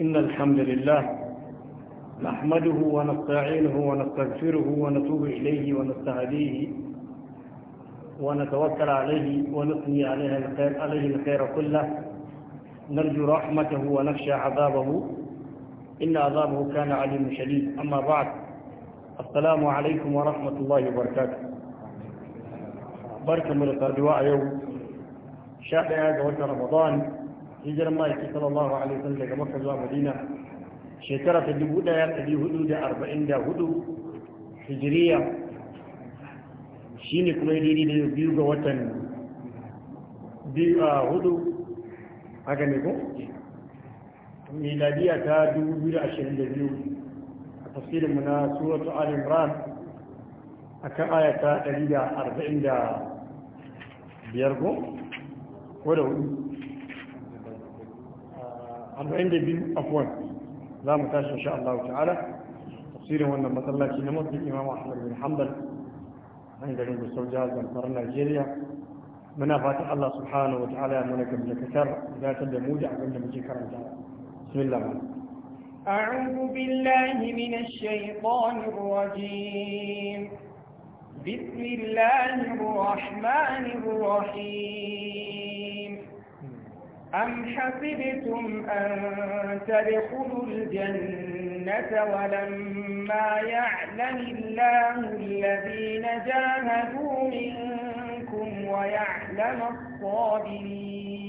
إن الحمد لله نحمده ونستعينه ونستغفره ونتوب إليه ونستهديه ونتوكل عليه ونثني عليه الخير عليه الخير كله نرجو رحمته ونخشى عذابه إن عذابه كان عليم شديد أما بعد السلام عليكم ورحمة الله وبركاته بركة من القردواء يوم شاء هذا رمضان hijirar ma'aiki sallallahu alaihi wasallam daga maka zuwa madina shekara ta dubu ɗaya ɗari hudu da arba'in da hudu hijiriya shine kuma daidai da biyu ga watan biyu a hudu haka ne ko miladiya ta dubu biyu da ashirin da biyu a tafsirinmu na suratu al imran a kan aya ta ɗari da arba'in da biyar ko ko da hudu أربعين لبن أفوان لا مكاش إن شاء الله تعالى تقصيره أن ما تلا كي نمت أحمد بن حنبل عند جنب من ونصر نيجيريا من فاتح الله سبحانه وتعالى من قبل كثر إذا تبدأ موجع قبل مجيكرا تعالى بسم الله أعوذ بالله من الشيطان الرجيم بسم الله الرحمن الرحيم أم حسبتم أن تدخلوا الجنة ولما يعلم الله الذين جاهدوا منكم ويعلم الصابرين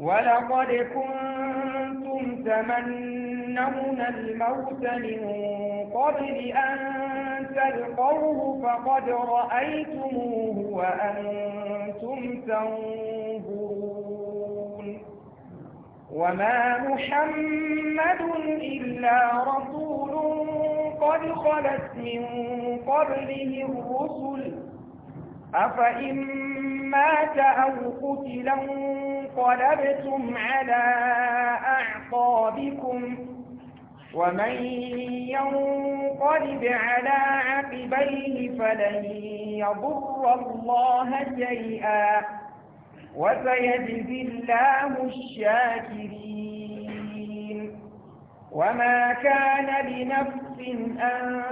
ولقد كنتم تمنون الموت من قبل أن تلقوه فقد رأيتموه وأنتم تنظرون وما محمد إلا رسول قد خلت من قبله الرسل أفإن مات أو قتلا انقلبتم على أعقابكم ومن ينقلب على عقبيه فلن يضر الله شيئا وسيجزي الله الشاكرين وما كان لنفس أن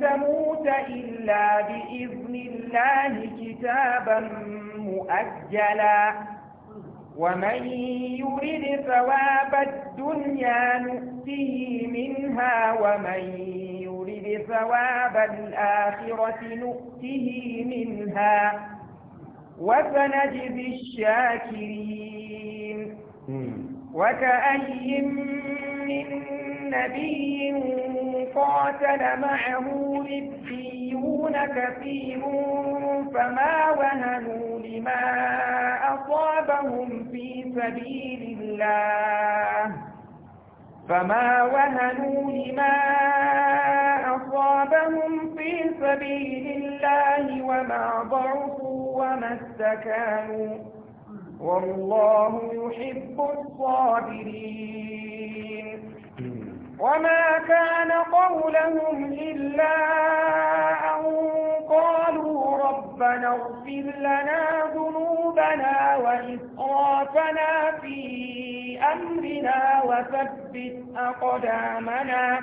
تموت إلا بإذن الله كتابا مؤجلا ومن يرد ثواب الدنيا نؤته منها ومن يرد ثواب الآخرة نؤته منها وسنجزي الشاكرين وكأي من نبي قاتل معه ربيون كثير فما وهنوا لما أصابهم في سبيل الله فما وهنوا لما أصابهم في سبيل الله وما ضعفوا وما استكانوا والله يحب الصابرين وما كان قولهم إلا أن قالوا ربنا اغفر لنا ذنوبنا وإسرافنا في أمرنا وثبت أقدامنا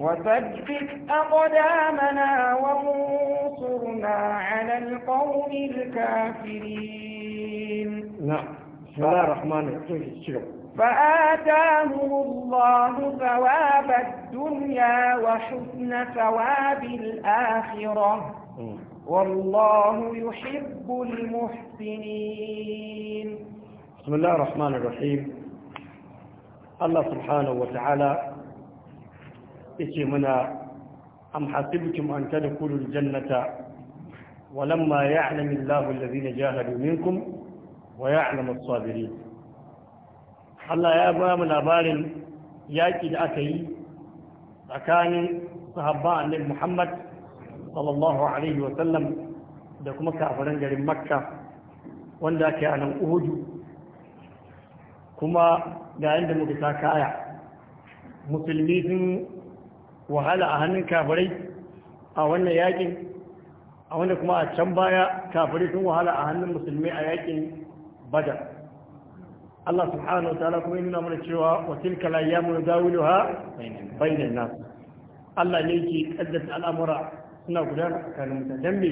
وثبت أقدامنا وانصرنا على القوم الكافرين نعم بسم الله الرحمن الرحيم فآتاهم الله ثواب الدنيا وحسن ثواب الآخرة والله يحب المحسنين بسم الله الرحمن الرحيم الله سبحانه وتعالى yake muna am hasibtum an tadkhulul jannata walamma ya'lamu Allahu alladhina jahadu minkum wa ya'lamu as-sabirin Allah ya ba mu labarin yaƙi da aka yi tsakanin sahabba annabi Muhammad sallallahu alaihi wa sallam da kuma kafiran garin Makka wanda ake a nan Uhudu kuma ga inda muka ta kaya musulmi sun wahala a hannun kafirai a wannan yakin a wanda kuma a can baya kafirai sun wahala a hannun musulmi a yakin badar Allah subhanahu wa ta'ala kuma yana mana cewa wa tilka la yamun dawiluha bainan nas Allah ne yake kaddasa al'amura suna gudana tsakanin mutane dan me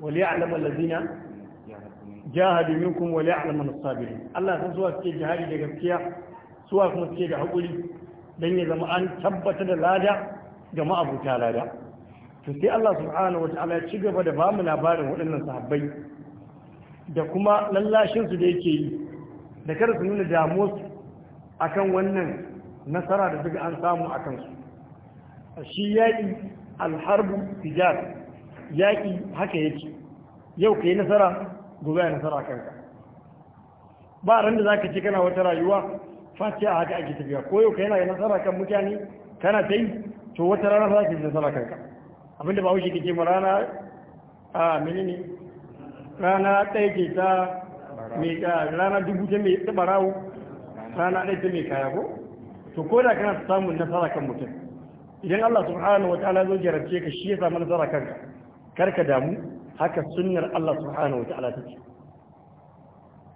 wali ya'lam allazina jahadu minkum wali ya'lam as-sabirin Allah san zuwa suke jihadi da gaskiya suwa kuma suke da hakuri dan ya zama an tabbata da lada ga ma'abuta lada to sai Allah subhanahu wa ta'ala ci gaba da bamu labarin waɗannan sahabbai da kuma lallashin su da yake yi da kar su nuna damuwar su akan wannan nasara da suka an samu akan su. shi yaƙi alharbu tijar yaƙi haka yake yau ka nasara gobe ya nasara kanka ba ran da za ka ce kana wata rayuwa face a haka ake tafiya ko yau ka na nasara kan mutane kana ta yi to wata rana za ki fi nasara kanka abinda ba wuce kike rana a menene rana ɗaya ke ta mai rana dubu ta mai tsibarawo rana ɗaya ta mai kaya ko to ko da kana samun nasara kan mutum idan Allah subhanahu wa ta'ala zo jarabce ka shi ya samu nasara kanka kar ka damu haka sunnar Allah subhanahu wa ta'ala take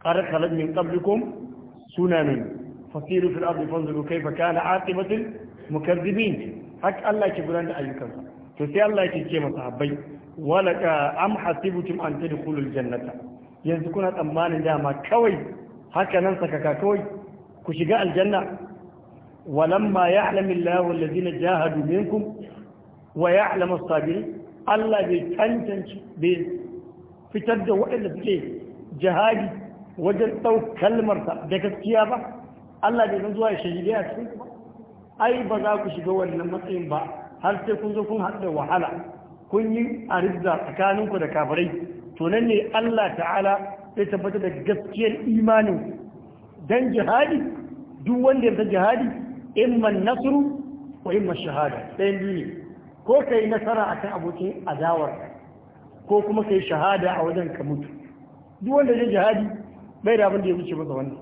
qad khalat min qablikum sunanan fasiru fil ardi fanzuru kayfa kana aqibatu al mukazzibin haka Allah ke gudanar da ayyukansa to sai Allah ke ce masa habbai wala ka am hasibtum an tadkhulul jannata yanzu kuna tsammanin dama kawai haka nan sakaka kawai ku shiga aljanna walamma ya'lamu Allahu alladhina jahadu minkum wa ya'lamu as-sabirin Allah bai tantance bai fitar da waɗanda suke jihadi wajen ɗau kalmarsa da gaskiya ba Allah bai san zuwa ya shahidai a cikin ba ai ba za ku shiga wannan matsayin ba har sai kun zo kun haɗa wahala kun yi arizza tsakaninku da kafirai to nan ne Allah ta'ala zai tabbatar da gaskiyar imanin dan jihadi duk wanda ya jihadi imma nasru wa imma shahada ɗayan biyu ne ko kai nasara a kan abokin adawar ko kuma kai shahada a wajen ka mutu duk wanda ya jihadi bai da abin da ya wuce masa wannan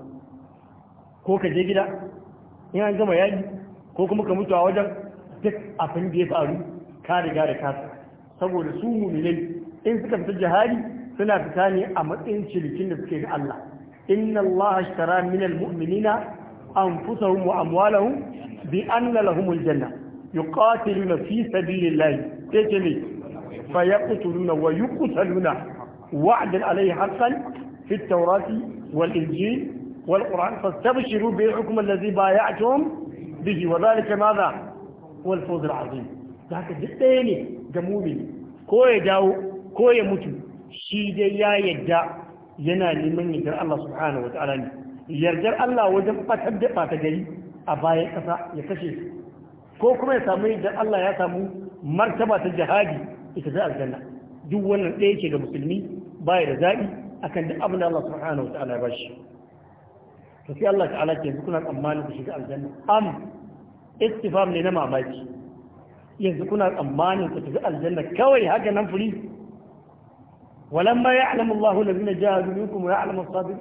ko ka je gida in an gama yaki ko kuma ka mutu a wajen duk abin da ya faru ka riga da kasa saboda su mu'minai in suka fita jihadi suna fita ne a matsayin cilikin da suke da Allah inna Allah ashtara min almu'minina anfusahum wa amwalahum bi anna lahumul janna yuqatiluna fi sabilillah sai ce ne fa yaqtuluna wa yuqtaluna وعدا عليه حقا في التوراة والإنجيل والقرآن فاستبشروا بحكم الذي بايعتهم bihi wa zalika madha wal fawz haka duk ɗaya ne ga mumini ko ya dawo ko ya mutu shi dai ya yadda yana neman yardar Allah subhanahu wa ta'ala ne yardar Allah wajen fatar da ɓata gari a bayan ya kashe su ko kuma ya samu yardar Allah ya samu martaba ta jihadi ita za aljanna duk wannan ɗaya ce ga musulmi baya da zaɓi akan duk abin da Allah subhanahu wa ta'ala ya bashi to sai Allah ta'ala ke yanzu kuna tsammanin ku shiga aljanna am istifam ne na mamaki yanzu kuna tsammanin ku shiga aljanna kawai haka nan furi walamma ya'lamu Allahu allazina jahadu minkum wa ya'lamu as-sabirin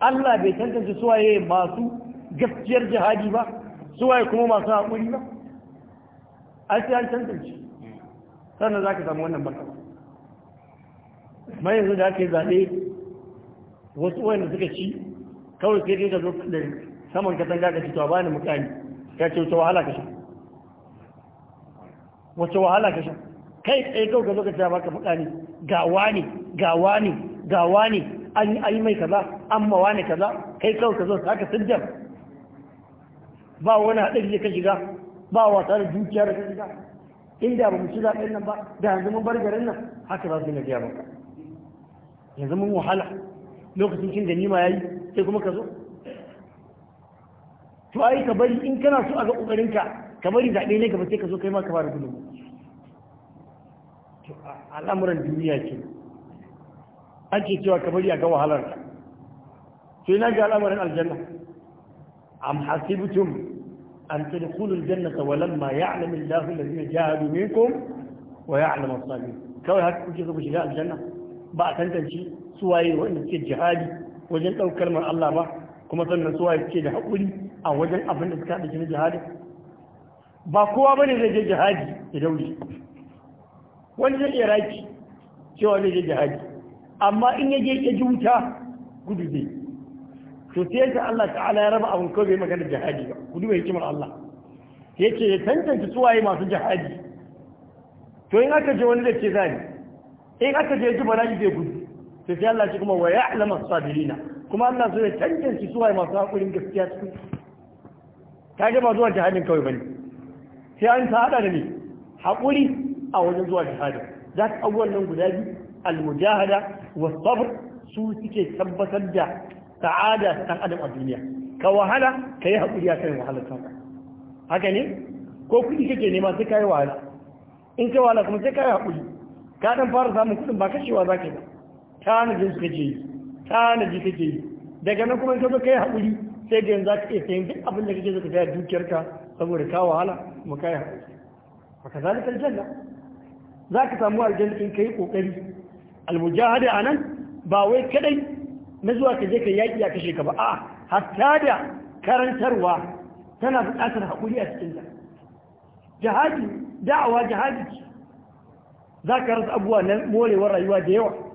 Allah bai tantance suwaye masu gaskiyar jihadi ba suwaye kuma masu haƙuri ba an sai an tantance sannan zaka samu wannan baka mai yanzu da aka yi zaɓe wasu wayanda suka ci kawai sai dai ka zo da saman katanga ka fitowa bani mutane ka ce wata wahala ka sha wata wahala ka sha kai tsaye kawai ka zo ka ce baka mutane ga wani ga wani ga wani an yi mai kaza an ma wani kaza kai kawai ka zo ka haka sujjar ba wani haɗari da ka shiga ba wasa da dukiya da ka shiga inda ba mu ci ɗin nan ba da yanzu mun bar garin nan haka za su yi na gaya ba. yanzu mun wahala lokacin da Nima ya yi sai kuma ka zo to ai ka bari in kana so a ga kokarin ka ka bari zabe ne gaba sai ka zo kai ma ka fara gudu to al'amuran duniya ce ake cewa ka bari a ga wahalar ka to ina ga al'amuran aljanna am hasibtum an tadkhulul jannata wa lamma ya'lam Allahu alladhina jahadu minkum wa ya'lam as-sabirin kawai haka kuke zo shiga aljanna ba a tantance su waye wanda suke jihadi wajen ɗaukar ma Allah ba kuma sannan suwa ya ce da haƙuri a wajen abin da suka haɗa shi na jihadi ba kowa ne zai je jihadi ya daure wani zai iya raki cewa zai je jihadi amma in ya je ya ji wuta gudu zai to sai yadda Allah ta'ala ya raba abin kawai bai magana jihadi ba gudu bai hikimar Allah ya ce ya tantance suwaye masu jihadi to in aka je wani zai ce zani in aka je ji bala'i zai gudu sai sai Allah ce kuma wa ya'lamu as-sabirina kuma Allah zai tantance suwaye masu hakurin gaskiya cikin Ta ba zuwa jihadin kawai bane sai an ta hada da ni hakuri a wajen zuwa jihadin za ka abubuwan nan guda biyu al-mujahada wa sabr su suke tabbatar da sa'ada ta adam a duniya ka wahala ka yi hakuri akan wahalar kanka haka ne ko kuɗi kake nema sai ka yi wahala in ka wahala kuma sai ka yi hakuri ka dan fara samun kuɗin ba kashewa za ka yi ba tanadin kake yi tanaji kake yi daga nan kuma ka kai haƙuri sai da yanzu ka iya sayan duk abin da kake zaka dukiyarka saboda ka wahala kuma kai haƙuri fa ka aljanna za ka samu aljanna in kai kokari almujahada nan, ba wai kaɗai, na zuwa ka je ka yaƙi a kashe ka ba a hatta da karantarwa tana buƙatar haƙuri a cikin ta jihadi da'awa jihadi za ka rasa abubuwa na morewar rayuwa da yawa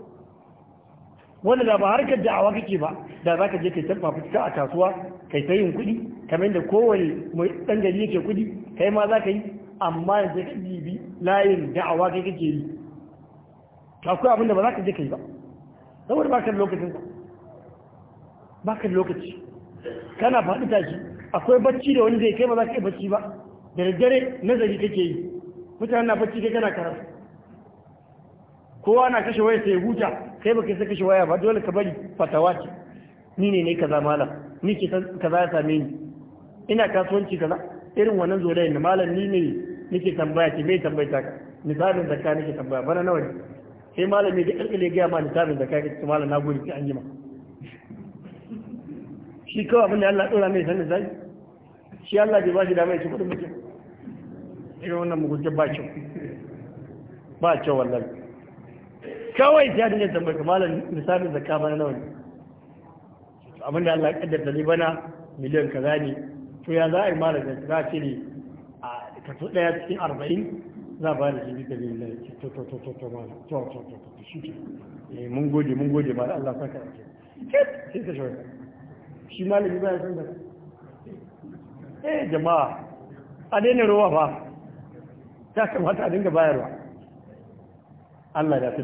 wanda da ba harkar da'awa kake ba da za ka je kai tafa fita a kasuwa kai sayin yin kuɗi kamar da kowane mai ɗan gari yake kuɗi kai ma za ka yi amma da ka bi layin da'awa kai kake yi akwai abin da ba za ka je kai ba saboda ba ka lokacin ba ka lokaci kana faɗi tashi akwai bacci da wani zai kai ba za ka yi bacci ba da daddare nazari kake yi mutane na bacci kai kana karatu kowa na kashe waya sai huta kai baka saka shi waya ba dole ka bari fatawa ce ni ne ne kaza malam ni ke kaza ya same ni ina kasuwanci kaza irin wannan zolai ne malam ni ne nake tambaya ce bai tambayta ka misalin zakka nake tambaya bana nawa ne sai malam ne da kalkale ga ma misalin zakka ka ce malam na gode ki an yi ma shi kawai abin da Allah dora mai sanin zai shi Allah bai ba shi dama ya ci kudin mutum irin wannan mugunta ba kyau ba kyau wallahi kawai sai dinga tambayar ka malam misalin zakka bana nawa ne abin da Allah ya da ni bana miliyan kaza ne to ya za a yi malam da za a ne a kaso daya cikin arba'in za a ba da shi bisa to to to to to malam to to to to shi ke eh, mun gode mun gode malam Allah saka a ce sai ta shawar shi malami ba ya san eh jama'a a daina ruwa fa ta kamata a dinga bayarwa Allah ya fi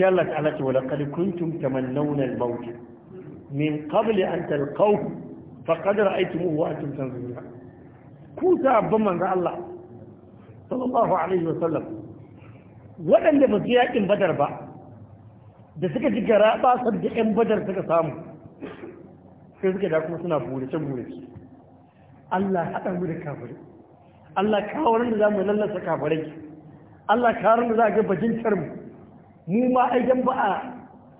sai Allah ta'ala ce walaqad kuntum tamannawna al-maut min qabl an talqahu faqad ra'aytumuhu wa antum tanzurun ku sabban manzo Allah sallallahu alaihi wa sallam waɗanda ba su yakin badar ba da suka ji gara ba san da yan badar suka samu sai suka da kuma suna burace burace Allah haɗa mu da kafirai Allah kawo da za mu lallasa kafirai Allah kawo da za a ga bajintar mu mu ma aidan ba a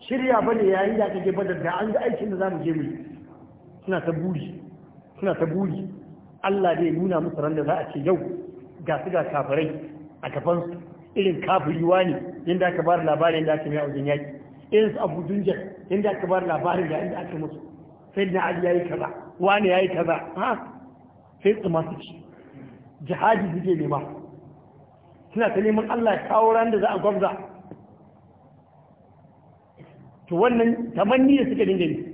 shirya ba ne yayin da kake badar da an ga aikin da za mu je mu suna ta buri suna ta buri Allah zai nuna musu ran da za a ce yau ga su ga kafirai a su irin kafiri wani inda aka bar labarin inda aka mai aujin yaki irin su abu dunjar inda aka bar labarin da inda aka musu sai na ali yayi kaza wani yayi kaza ha sai su su ci jihadi suke nema suna ta neman Allah ya kawo ran da za a gwamza to wannan tamanni da suka dinga yi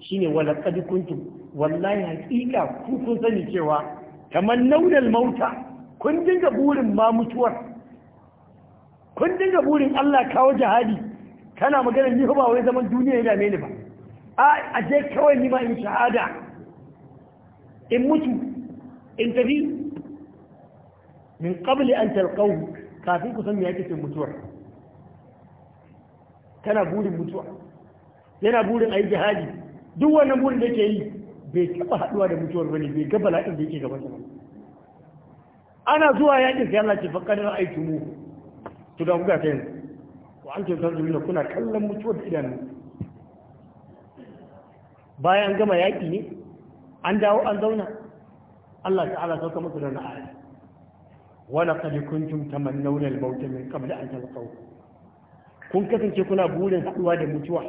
shine wala qad kuntum wallahi haqiqa ku kun sani cewa Naudal mauta kun dinga burin ma mutuwar kun dinga burin Allah kawo jihadi kana magana ni ba wai zaman duniya ya mene ba a je kawai ni ma in shahada in mutu in tafi min qabli an talqaw kafin ku san me yake mutuwar kana burin mutuwa yana burin a yi jihadi duk wannan burin da ke yi bai taɓa haɗuwa da mutuwar bane bai gaba la'in da yake gaba sa ana zuwa yakin sai Allah ce fa aiki mu to da kuka ta yanzu wa an ce ta zuwa kuna kallon mutuwar idanu bayan gama yaƙi ne an dawo an zauna Allah ta'ala sauka musu da na'ari wala qad kuntum tamannawna al-maut min qabl an talqaw kun kasance kuna burin haɗuwa da mutuwa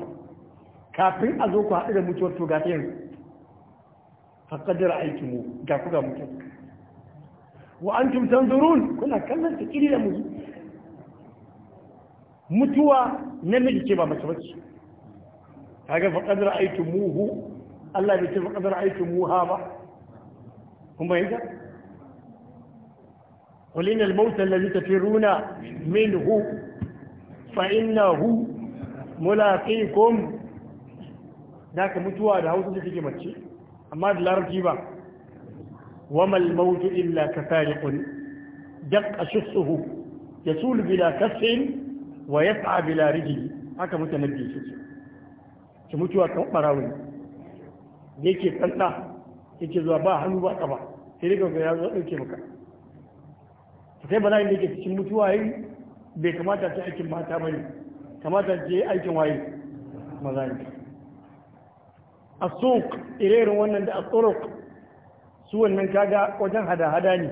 kafin a zo ku haɗu da mutuwar to ga yanzu faƙadar aiki mu ga ku ga mutuwar wa an tumtan zurun kuna kallon ta ƙiri da mutu mutuwa na miji ce ba mace bace ga faƙadar aiki mu hu Allah bai ce faƙadar aiki mu ha ba kuma yi yanzu runa min hu fa'in na hu mulaƙi kuma da ka mutuwa da hausa da take mace amma da larabci ba wamal mautu illa ka fariqun suhu ya yasul bila kasfin wa ya fa'a bila rijli haka biyu suke ce mutuwa kan barawo ne yake kanta yake zuwa ba hannu ba kaba, sai daga ga ya zo ɗauke maka sai bala da yake cikin mutuwa yi bai kamata ta aikin mata bane kamata ta aikin waye maza ne asuk irin wannan da asuruk su wannan kaga wajen hada-hada ne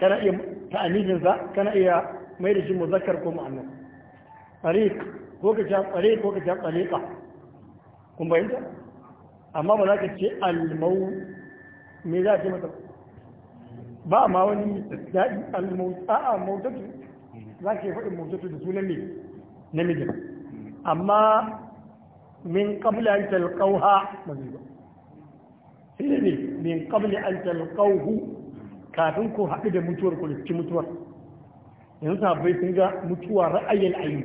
kana iya ta'anijinsa kana iya mai da shi muzakkar ko ma'annas tariq ko ka ce tariq ko ka ce tariqa kun bayyana amma ba za ka ce almau me za ka ce mata ba ma wani daɗi almau a'a mautatu za ka yi faɗin mautatu da sunan ne namijin amma min qabla an talqauha shine min qabli an talqauhu kafin ku haɗu da mutuwar ku ci mutuwar yanzu sabai sun ga mutuwa ra'ayin ayi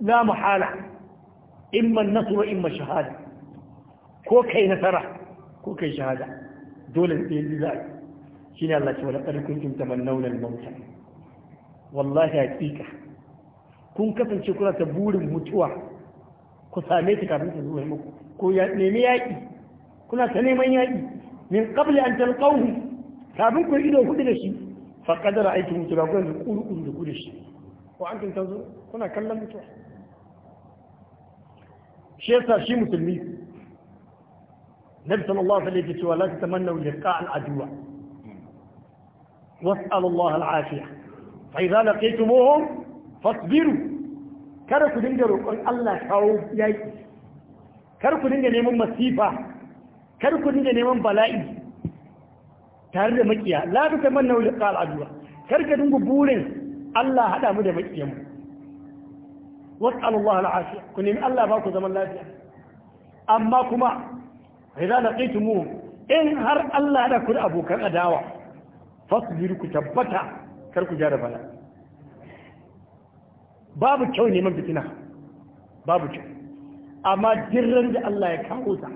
la muhala imma nasru imma shahada ko kai nasara ko kai shahada dole ne yanzu za a ne Allah ce wala qad kuntum tamannawna al-maut wallahi haqiqa kun kasance kuna ta burin mutuwa ku same shi kafin su zuwa muku ku nemi yaƙi kuna ta neman yaƙi min qabli an talqahu kafin ku ido kudu da shi fa qadara aiki mutu ba ku da kuru kuru da kudu shi ko an kin tanzo kuna kallon mutuwa shi yasa shi musulmi nabi sallallahu alaihi wasallam ya ce wala tatamannu liqa'a al-aduwa واسأل الله العافية فإذا لقيتموهم فاصبروا Kar ku dinga roƙon Allah kawo yaƙi kar ku dinga neman masifa kar ku dinga neman bala'i tare da makiya la ta taman na wuli ƙal addu'a kar ka dinga burin Allah haɗa mu da makiyanmu mu wasu Allah al'afiya ku nemi Allah ba ku zaman lafiya amma kuma idza laqitumu in har Allah da ku da abokan adawa fasbiru ku tabbata kar ku jara bala'i babu kyau neman fitina babu kyau amma jirran da Allah ya kawo ta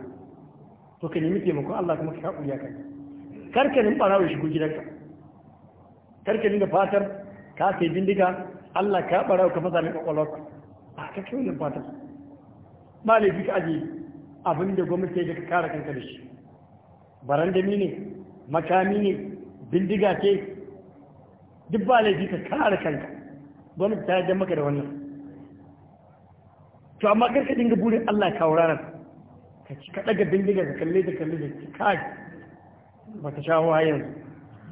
to ka nemi taimakon Allah kuma ka kawo ya kai karkarin barawa shigo gidanka karkarin da fatar ka sai bindiga Allah ka barawa ka fasa mai kwakwalwarka a ka kyau ne fatar ba laifi ka aje abin da gwamnati ya ka kara kanka da shi barandami ne makami ne bindiga ce duk ba laifi ka kara kanka gwamnati ta yadda maka da wannan to amma kar ka dinga burin Allah ka kawo ranar ka ci ka ga bindiga ka kalle da kalle da ci kai ba ta sha hawa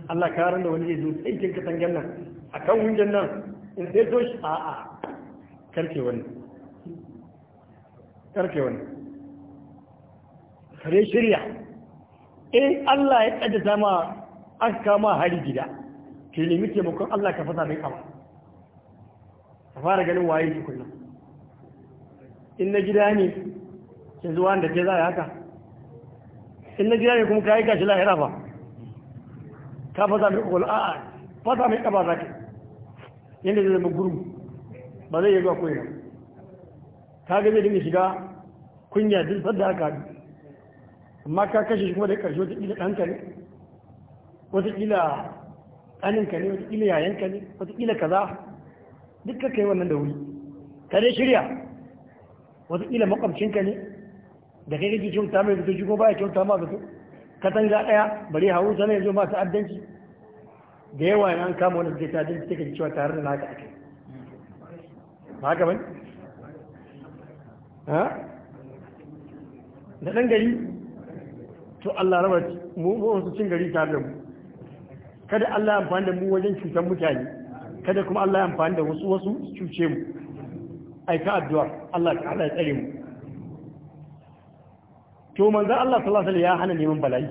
Allah ka ran da wani zai zo sai kin ka tangan nan akan wunjan nan in sai to shi a a karke wani karke wani kare shirya in Allah ya kaddasa ma aka kama hari gida ke nemi taimakon Allah ka fasa mai kama a fara ganin waye shi kullum in na gida ne sai zuwa da ke za a haka in na gida ne kuma ka yi gashi lahira ba ka fasa mai a a'a fasa mai kaba za ka yadda zai zama guru ba zai yi zuwa koyi ka ga zai dinga shiga kunya duk sadda aka amma ka kashe shi kuma da ƙarshe wata ila ɗanka ne wata ila ƙaninka ne wata ƙila yayanka ne wata ƙila kaza duk ka kai wannan da wuri ka dai shirya ila makwabcinka ne da kai kake kyauta mai fito shi ko baya kyauta ma zato katanga daya bari hawu sana ya zo masu addanci da yawa yana an kama wani suke ta addanci take cewa tare da naka ake ba haka bane ha da ɗan gari to Allah rabar mu mu su cin gari tare da mu kada Allah amfani da mu wajen cutar mutane kada kuma Allah ya amfani da wasu wasu cuce mu aika addu'a Allah ta ala ya tsare mu to manzo Allah sallallahu alaihi ya hana neman bala'i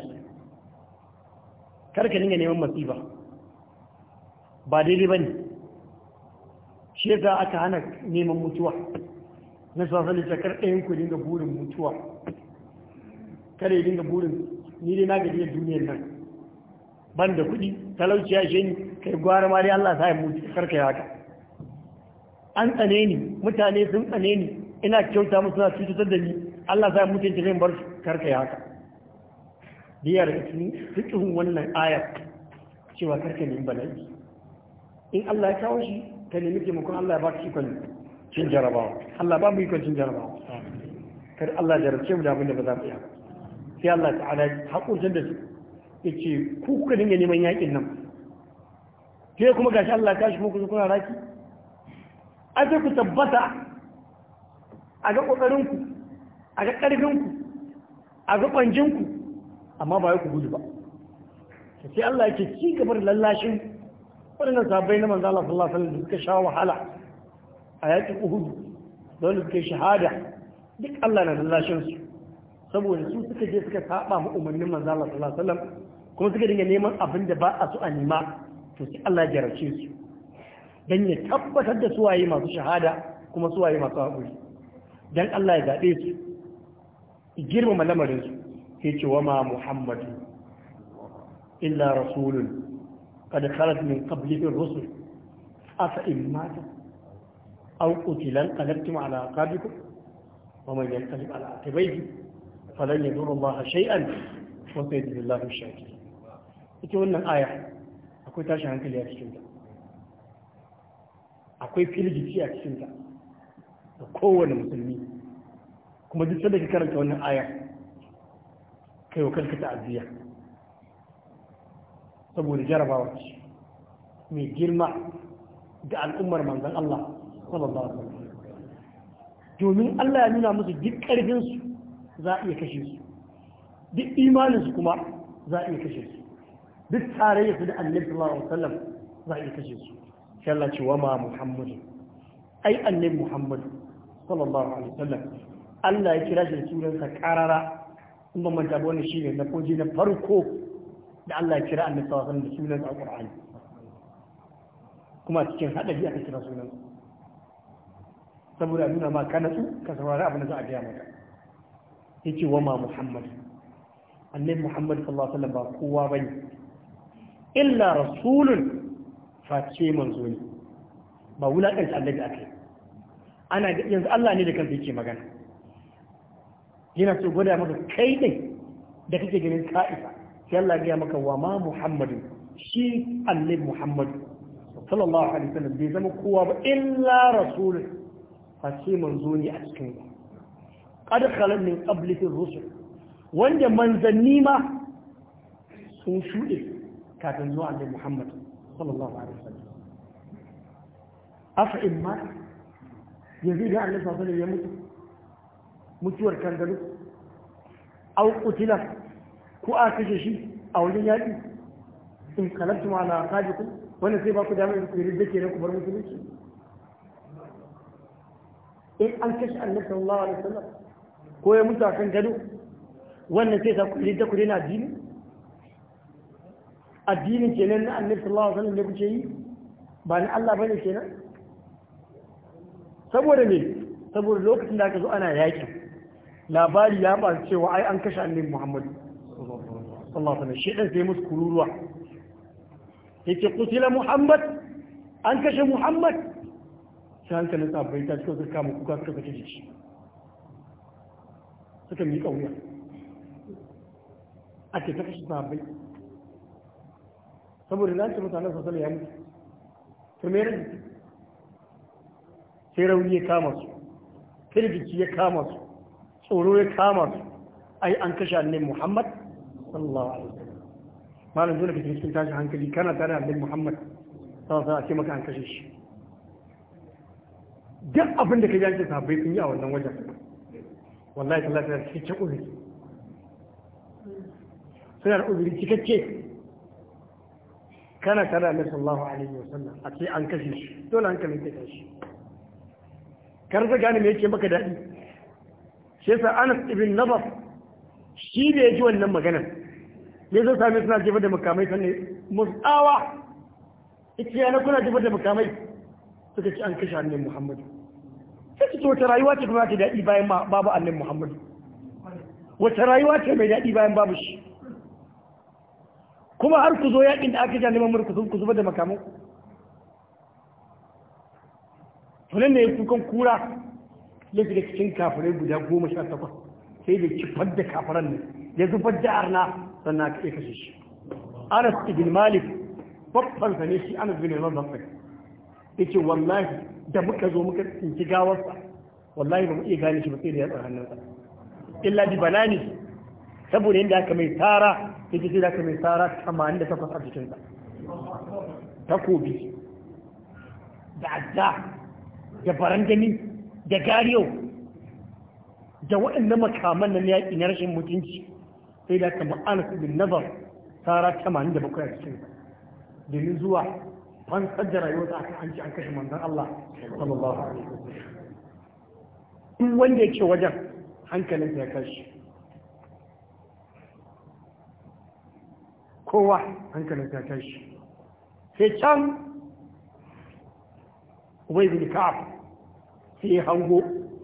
karka dinga neman masifa ba daidai bane shi yasa aka hana neman mutuwa na sallallahu alaihi kar ɗayan ku dinga burin mutuwa kada ya dinga burin ni dai na gaji duniyar nan ban da kuɗi talauci ya shi ni kai gwara ma dai Allah sa ya karka ya haka an tsane ni mutane sun tsane ni ina kyauta musu na cutar da ni Allah sa ya mutu zai bar karka ya haka biyar da cikin fikin wannan aya cewa karka ne bala'i in Allah ya kawo shi ka nemi taimakon Allah ya baka shi cin jarabawa Allah ba mu yi cin jarabawa kar Allah jarabce mu da abin da ba za mu iya sai Allah ta'ala haƙurcin da su ya ce ku kuka dinga neman yaƙin nan ke kuma gashi Allah shi muku kuna raki a sai ku tabbata a ga ƙoƙarinku a ga ƙarfinku a ga ƙwanjinku amma ba ku gudu ba sai Allah yake ci gaba da lallashin waɗannan sabai na manzo Allah sallallahu alaihi wasallam suka sha wahala a yaƙin Uhud don suke shahada duk Allah na lallashin su saboda su suka je suka saba ma umarnin manzo Allah sallallahu alaihi wasallam kuma suka dinga neman abin da ba a so a nema to sai Allah ya jarabce su dan ya tabbatar da waye masu shahada kuma waye masu haƙuri dan Allah ya zaɓe su girmama lamarin su sai ce wa ma Muhammadu illa rasulun qad khalat min qablihi rusul afa in mata aw qutilan qalabtum ala aqabikum wa man yanqalib ala aqibaihi falan yadurra shay'an wa sayyidu shakir ita wannan aya akwai tashi hankali a cikinta akwai firgici a cikinta da kowane musulmi kuma duk sadaka karanta wannan aya kai wa kanka ta'aziyya saboda jarabawa ce mai girma ga al'ummar manzon Allah sallallahu alaihi wasallam domin Allah ya nuna musu duk ƙarfinsu za a iya kashe su duk imaninsu kuma za a iya kashe su duk tarayya su da annabi sallallahu alaihi wasallam za a kashe su sai Allah ce wa ma muhammadu ai annabi muhammad sallallahu alaihi wasallam Allah ya kira shi da sunansa karara in ban manta ba shi ne na koji na farko da Allah ya kira annabi sallallahu alaihi wasallam da sunansa a Qur'ani kuma cikin hadari aka kira sunansa saboda nuna ma ka natsu ka saurari abin da za a gaya maka yace wa ma muhammad annabi muhammad sallallahu alaihi wasallam ba kowa bane illa rasulun face manzo ne ba wulaƙanta annabi akai ana yanzu Allah ne da kansa yake magana yana so gwada maka kai ne da kake ganin ka'isa sai Allah ya maka wa ma Muhammadu shi annabi Muhammadu sallallahu alaihi wasallam bai zama kowa ba illa rasulun face manzo ne a cikin ku qad khalan min qablihi rusul wanda manzanni ma sun shuɗe kafin zuwa annabi Muhammad sallallahu alaihi wasallam af'in ma yanzu da annabi sallallahu alaihi ya mutu mutuwar kangalu au kutila ko a kashe shi a wajen yaƙi in kalabtum ala aqabikum wani sai ba ku damar da ke kenan ku bar musulunci in an kashe annabi sallallahu alaihi wasallam ko ya mutu a kan gado wannan sai ta ku da ku dena dini? addini kenan na annabi sallallahu alaihi wasallam da kuke yi ba na Allah bane kenan saboda me saboda lokacin da aka zo ana yaki labari ya ba cewa ai an kashe annabi Muhammad sallallahu alaihi wasallam shi dan sai musu kururuwa yake kutila Muhammad an kashe Muhammad sai hankalin sabbai ta cikin suka kama kuka suka kace jiki suka miƙa wuya ake ta kashe sabbai saboda na ce mutanen sosai ya mutu to me rage sai rauni ya kama su firgici ya kama su tsoro ya kama su ai an kashe annabi Muhammad sallallahu alaihi wasallam malam dole kake cikin tashin hankali kana tare da Muhammad sallallahu alaihi wasallam a ce maka an kashe shi duk abin da ka yanke sahabbai sun yi a wannan wajen wallahi tallahi ta cikin uzuri suna da uzuri cikakke kana kana annabi sallallahu alaihi wasallam a ce an kashe shi dole hankalin ka shi kar ka gane me yake maka daɗi shi yasa Anas ibn Nadaf shi da ya ji wannan maganar me zo sami suna jefa da makamai sannan musawa ita yana kuna jefa da makamai suka ci an kashe annabi Muhammadu sai ce wata rayuwa ce kuma ta daɗi bayan babu annabi Muhammadu wata rayuwa ce mai daɗi bayan babu shi kuma har ku zo yakin da aka ja neman murku ku zuba da makamu to ne kukan kura ya shiga cikin kafirai guda goma sha takwas sai da kifar da kafiran ne ya zubar da arna sannan aka iya kashe shi anas ibn malik babban sa shi anas bin imam Ya ce wallahi da muka zo muka tsinci gawarsa wallahi ba mu iya gane shi ba sai da ya tsara hannunsa illa bi banani saboda yadda aka mai tsara yake sai da aka mai da 88 a jikinsa takobi da adda da barangani da gariyo da waɗanda makaman na yaƙi na rashin mutunci sai da aka ma'ana su bin nazar da bakwai a jikinsa domin zuwa an sajjara rayuwarsa akan an ci an kashe manzon Allah sallallahu alaihi wasallam in wanda yake wajen hankalinsa ya kashi kowa hankalin ta tashi sai can ubay bin ka'ab sai ya hango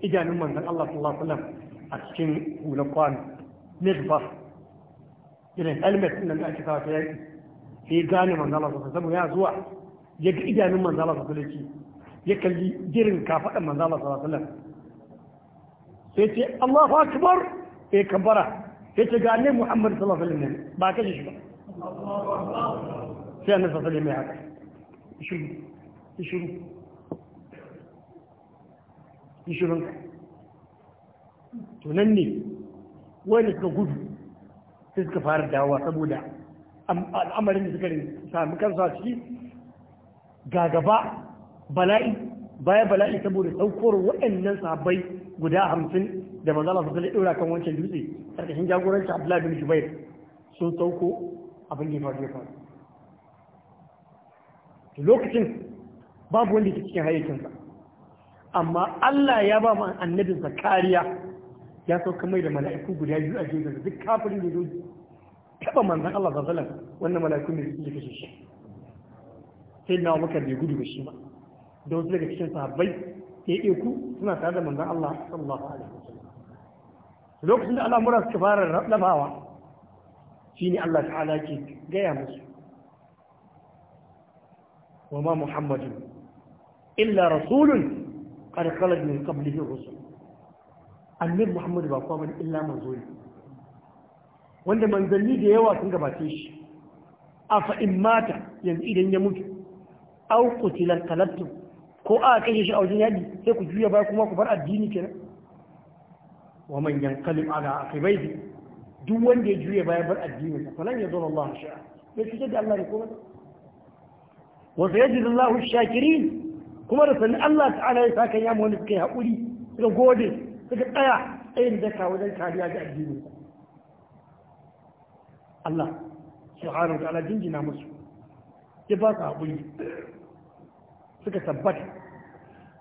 idanun manzan Allah sallallahu alaihi wasallam a cikin hulan kwano mirba irin helmet din da ake kawo ta yaki sai gane manzan Allah sallallahu alaihi wasallam ya zuwa ya ga idanun manzan Allah sallallahu alaihi wasallam ya kalli jirin kafaɗan manzan Allah sallallahu alaihi wasallam sai ce Allahu akbar sai kabara sai ce ga ne Muhammad sallallahu alaihi wasallam ba kashi shi ba sai annabi sallallahu alaihi mai haka shiru shiru shirun to nan wani suka gudu suka fara dawowa saboda al'amarin da sami kansu a ciki ga gaba bala'i baya bala'i saboda saukowar waɗannan sahabbai guda hamsin da manzala su zai ɗora kan wancan dutse ƙarƙashin jagoranci abdullahi bin jubair sun sauko abin da ya faru ya faru lokacin babu wanda ke cikin hayyacinsa amma Allah ya ba mu annabinsa kariya ya sauka mai da mala'iku guda biyu a jirgin duk kafirin da zoji taba manzan Allah zazzalan wannan mala'iku ne suke kashe shi sai na maka bai gudu ba shi ba da wasu daga cikin sahabbai ya iya ku suna tare da manzan Allah sallallahu alaihi wasallam lokacin da al'amura suka fara rabawa shine Allah ta'ala ke gaya musu wa ma muhammadin illa rasulun qad khalat min qablihi rusul annabi muhammad ba kuma illa manzo ne wanda manzanni da yawa sun gabace shi A in mata yanzu idan ya mutu auku qutila qalabtum ko a kashe shi a wajen yadi sai ku juya baya kuma ku bar addini kenan wa man yanqalib ala aqibaihi duk wanda ya juya bayan bar addinin sa falan ya zama Allah sha'a ya cutar da Allah ne kuma wa sayajidu Allah shakirin kuma da sanin Allah ta'ala ya saka ya mu suka yi haƙuri suka gode suka tsaya tsayin da daka wajen kariya ga addinin sa Allah subhanahu wa ta'ala jinjina musu ya ba su haƙuri suka tabbata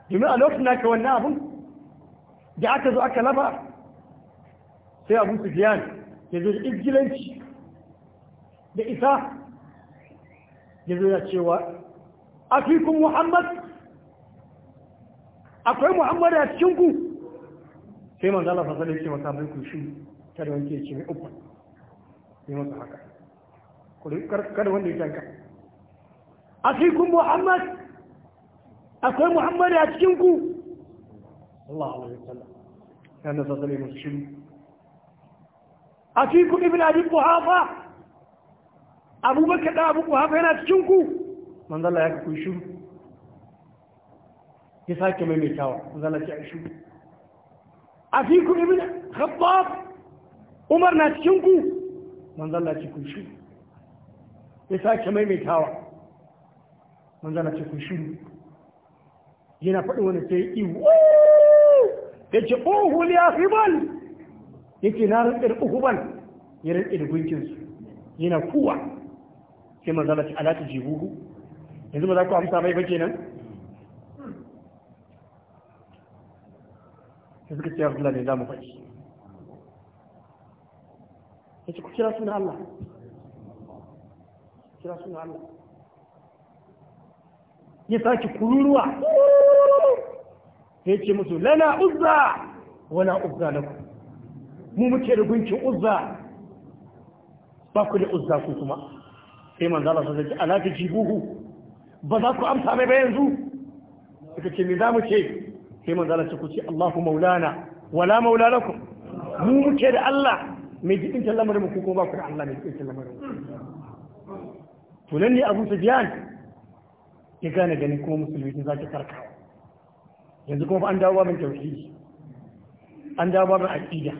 domin a lokacin aka wannan abun da aka zo aka laba sai abu su jiyani. ya zo da izgilanci da isa ya zo da cewa afikun muhammad akwai muhammad a cikinku sai manzo zala sallallahu alaihi wasallam ya ce masa mai kushi kada wanke ce mai uku sai masa haka kada wanda ya tanka afikun muhammad akwai muhammad a cikinku Allah Allah ya wasallam ya nasa sallallahu alaihi wasallam a fi kuɗi bin abin buhafa abubakar ɗan abin buhafa yana cikin ku manzala ya kakun ya sake mai mai kyawa manzala ya kakun a fi kuɗi bin khabbab umar na cikin ku manzala ya kakun ya sake mai mai kyawa manzala ya kakun shuru faɗin wani sai iwu ya ce ohun ya fi bali yake na rantsar uhuban ya rantsar da gunkinsu yana kuwa sai maza Allah ala ta jibuhu yanzu ba za ku amsa mai ba kenan Ya suka ce Abdullah ne za mu faɗi yace ku kira suna Allah kira suna Allah ya saki kururuwa ya ce musu lana uzza wala uzza lakum mu muke da gunkin uzza ba ku da uzza ku kuma sai manzo Allah sai ce ala tajibuhu ba za ku amsa mai ba yanzu suka ce me za mu ce sai manzo Allah ku ce Allahu maulana wala maula lakum mu muke da Allah mai jidin tallamar mu ku kuma ba ku da Allah mai jidin tallamar mu to nan ne Abu Sufyan ya gane ganin kuma musulmi za ta karkawa yanzu kuma an dawo babin tauhidi an dawo babin aqida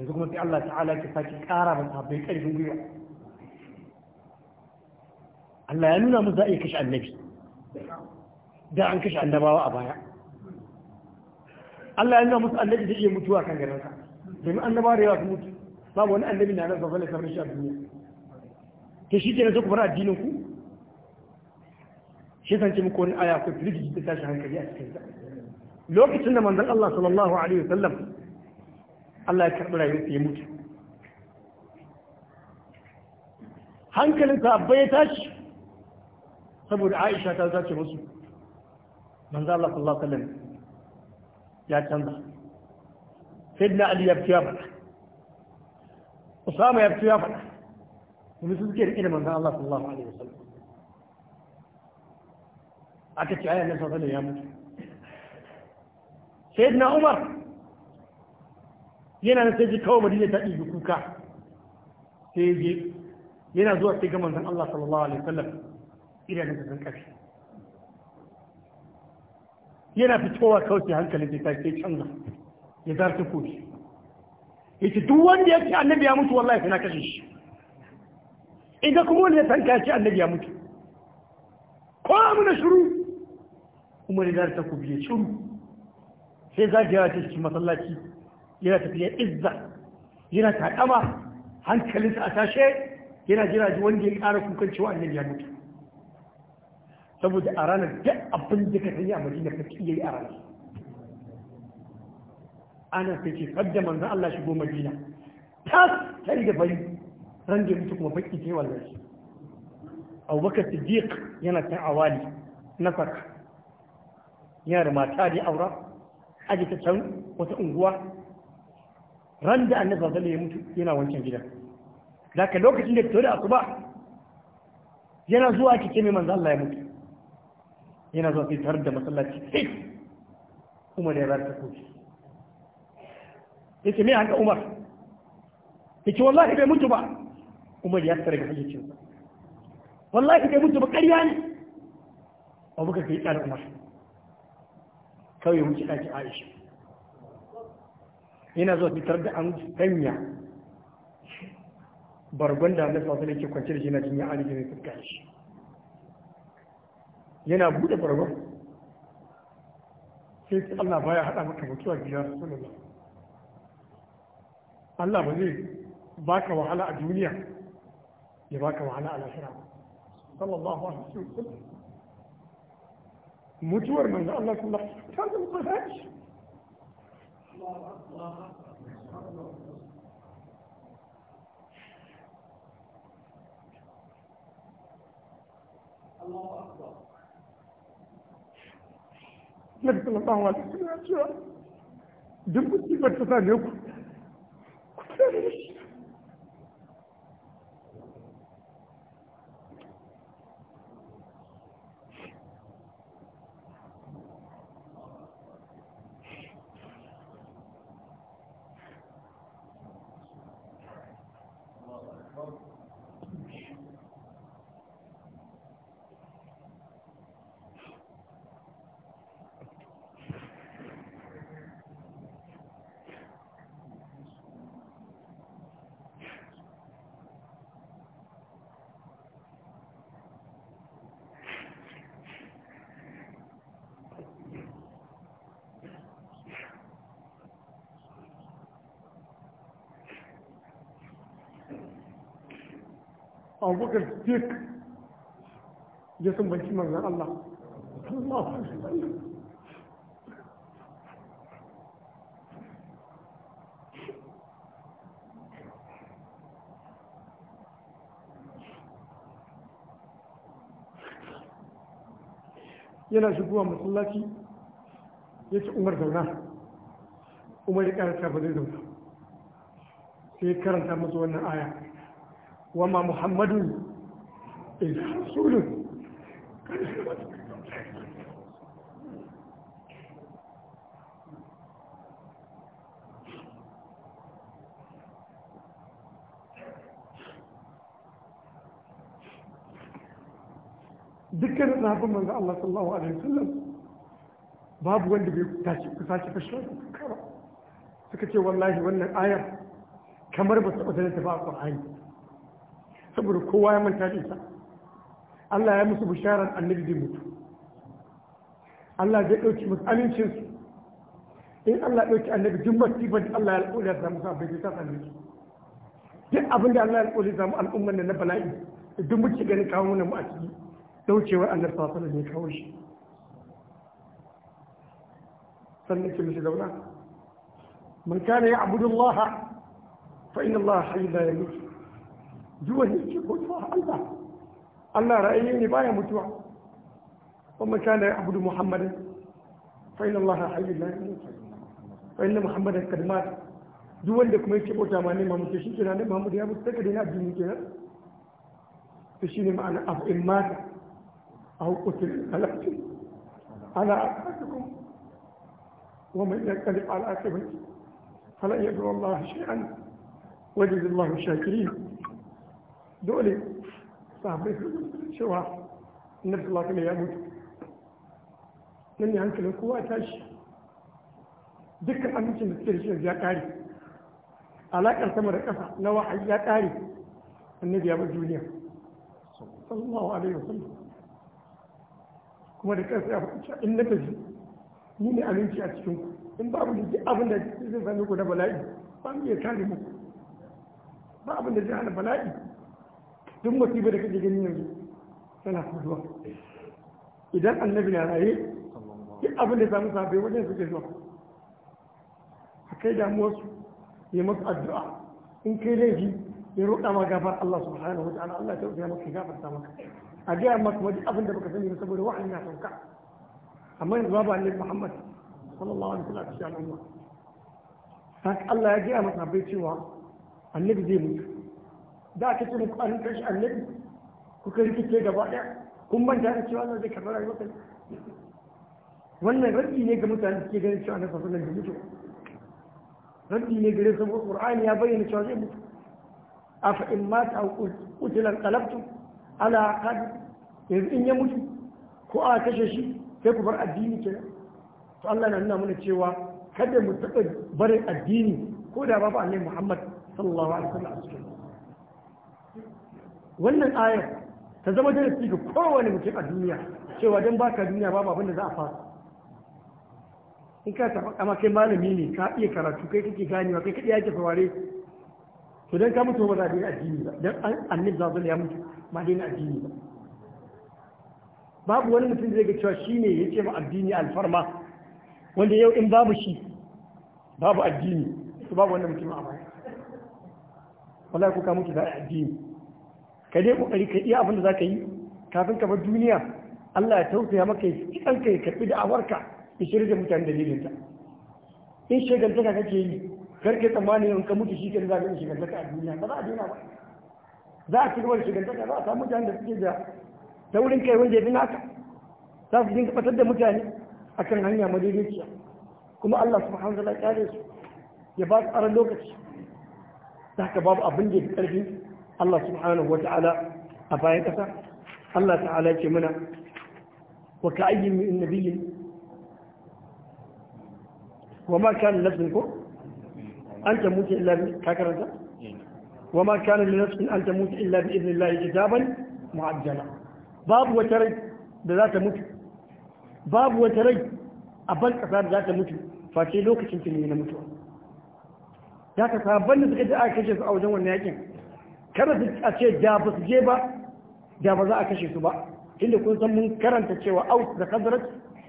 yanzu kuma sai Allah ta'ala ke saki ƙara mun tabbai ƙarfin gwiwa Allah ya nuna mu za a yi kashe annabi da an kashe annabawa a baya Allah ya nuna musu annabi da iya mutuwa kan garinsa domin annabawa da yawa su mutu babu wani annabi na nan zafin sabon shi a duniya ta shi ke nasu kuma na addinin ku shi san ce muku wani aya ko firgi ta tashi hankali a cikin sa lokacin da manzon Allah sallallahu alaihi wasallam Allah ya karɓi rayuwarsa ya mutu hankalin sahabbai ya tashi saboda Aisha ta zace musu manzo Allah sallallahu alaihi ya canza sayyidina Ali ya fito ya faɗa Usama ya fito ya faɗa kuma su suke rike da manzo Allah sallallahu alaihi wasallam aka ce ayan nan sallallahu ya mutu sayyidina Umar yana na sai kawo madina ta ɗi kuka sai je yana zuwa sai gama zan Allah sallallahu alaihi wasallam idanun da zan kafi yana fitowa kawai sai hankalin da ta ke canza ya zarta kofi ce duk wanda ce annabi ya mutu wallahi sai na kashe shi idan kuma wanda ya tanka ya ce annabi ya mutu ko na shiru kuma da ta kofi ya shiru sai zagayawa ta cikin masallaci yana tafiya izza yana taƙama hankalinsa a tashe yana jira ji wanda ya ƙara kukan cewa annabi ya mutu saboda a ranar duk abin da ka sanya a madina ka iya yi a ranar ana sai ce sadda manzan Allah shigo madina tas ta yi da bari ran da mutu kuma baki ce wallahi abubakar siddiq yana ta awali na saka yana da mata da aura aji ta can wata unguwa ran da annabi sallallahu ya mutu yana wancan gidan zaka lokacin da fito da asuba yana zuwa kike mai manzo Allah ya mutu yana zuwa fitar da masallaci Umar ya rarta kuci yace me haka Umar yace wallahi bai mutu ba Umar ya tsare ga hajjin wallahi bai mutu ba ƙarya ne sai ya tsare Umar kawai wuce ɗaki Aisha yana zuwa fitar da an sanya bargon da annabi sallallahu alaihi wasallam ke kwance da shi na jinya ali ne fuska shi yana bude bargon sai Allah baya hada maka mutuwa biyar sallallahu Allah ba zai baka wahala a duniya ya baka wahala a lahira sallallahu alaihi wasallam mutuwar manzo Allah sallallahu alaihi wasallam ta zama الله أكبر Nabi sallallahu alaihi wasallam ya duk musibar ta ku ku tare shi abubakar siddiq ya sumbanci manzan Allah yana shigowa masallaci ya ci umar zauna umar ya karanta ba zai zauna sai karanta masu wannan aya وما محمد إلا رسول dukkanin sahabin manzo Allah sallallahu alaihi wasallam babu wanda bai tashi kusa ci fashi suka ce wallahi wannan aya kamar ba su ta ba a Qur'ani saboda kowa ya manta da Allah ya musu bisharar annabi zai mutu Allah zai ɗauki musu amincinsu in Allah ɗauki annabi duk masifar da Allah ya alƙoli ya samu sa bai ta same su duk abin da Allah ya alƙoli samu al'ummar da na bala'i duk muke ganin kawo mana mu a ciki daucewar annabi sallallahu alaihi wasallam ne kawo shi sannan ce mishi zauna man kana ya abudullaha fa inna Allah hayy la yamut zuwa ne ce ko zuwa Allah Allah ra'ayi ne baya mutuwa wa man kana ya'budu muhammadan fa inna allaha hayyun la yamutu fa inna muhammadan qad mata duk wanda kuma yake bauta ma ne mamu shi kenan ne mamu ya mutu take da na addini kenan to ne ma'ana af'in mata aw qutil halaktu ala aqadukum wa man yaqlib ala aqibati fala yadru allaha shay'an wajid allahu shakirin dole sahabbai su cewa annabi sallallahu alaihi ya mutu nan ne hankalin kowa tashi dukkan amincin da suke da shi ya kare alaƙar sama da ƙasa na wahayi ya kare annabi ya bar duniya sallallahu alaihi sallam. kuma da ƙasa ya faɗi cewa in na tafi ni ne aminci a cikin ku in babu da abin da zai sami ku na bala'i ba mu iya kare muku ba abin da zai hana bala'i ثم تبدا تجيني ثلاث مرات اذا النبي عليه الصلاه والسلام ابن زمان صاحب وجهه في جسمه حكي داموس يمس الدعاء ان كان يجي يروح اما غفر الله سبحانه وتعالى الله يتوب يا مكي غفر تمام اجي اما تودي ابن دبك سني سبب واحد يا سوكا اما جواب النبي محمد صلى الله عليه وسلم فك الله يجي اما تبيتي وا النبي زي مكي da ka ce muku an kashi annabi kai rikice gaba ɗaya kun manta da cewa zai karɓar rayuwa kai wannan rabbi ne ga mutane suke ganin cewa na sallallahu da mutu rabbi ne gare su qur'ani ya bayyana cewa zai mutu A in mata aw qutila qalabtu ala qad yanzu in ya mutu ko a kashe shi sai ku bar addini ke to Allah na nuna mana cewa kada mu taɓa barin addini ko da babu annabi Muhammad sallallahu alaihi wasallam wannan ayar ta zama darasi ga kowane mutum a duniya cewa don baka duniya babu abin da za a fasa in ka tafi kama kai malami ne ka iya karatu kai kake ganewa kai kaɗai yake saurare to don ka mutu ba za a daina addini ba don annabi za ya mutu ma daina addini ba babu wani mutum zai ga cewa shi ne ya ce ma addini alfarma wanda yau in babu shi babu addini to babu wannan mutum a baya wallahi kuka mutu za a addini ka dai kokari ka iya abin da zaka yi kafin ka bar duniya Allah ya tausaya maka ya kan ka karbi da awarka ya shirya da mutane dalilin ta in shegantaka kake yi karke tsammani in ka mutu shi ke za ka yi shegantaka a duniya ba za a daina ba za a ci gaba da shegantaka za a samu mutane da suke da taurin kai wanda ya fi naka za su dinga fatar da mutane a kan hanya madaidaiciya kuma Allah subhanahu wa ta'ala ya kare su ya ba su tsaron lokaci za ka babu abin da ya fi ƙarfi Allah subhanahu ta'ala a bayan ƙasa Allah ta'ala ce mana wa ka ayyin min nabiyyin wa ma kana nafsin ko an ta mutu illa bi ka karanta wa ma kana li nafsin an ta mutu illa bi idnillahi kitaban mu'ajjala babu wata rai da za ta mutu babu wata rai a ban ƙasa da za ta mutu face lokacin tuni na mutuwa ya ka sabon da suka ji aka kashe su a wajen wannan yakin kada su a ce da ba su je ba da ba za a kashe su ba inda kun san mun karanta cewa aus da khazraj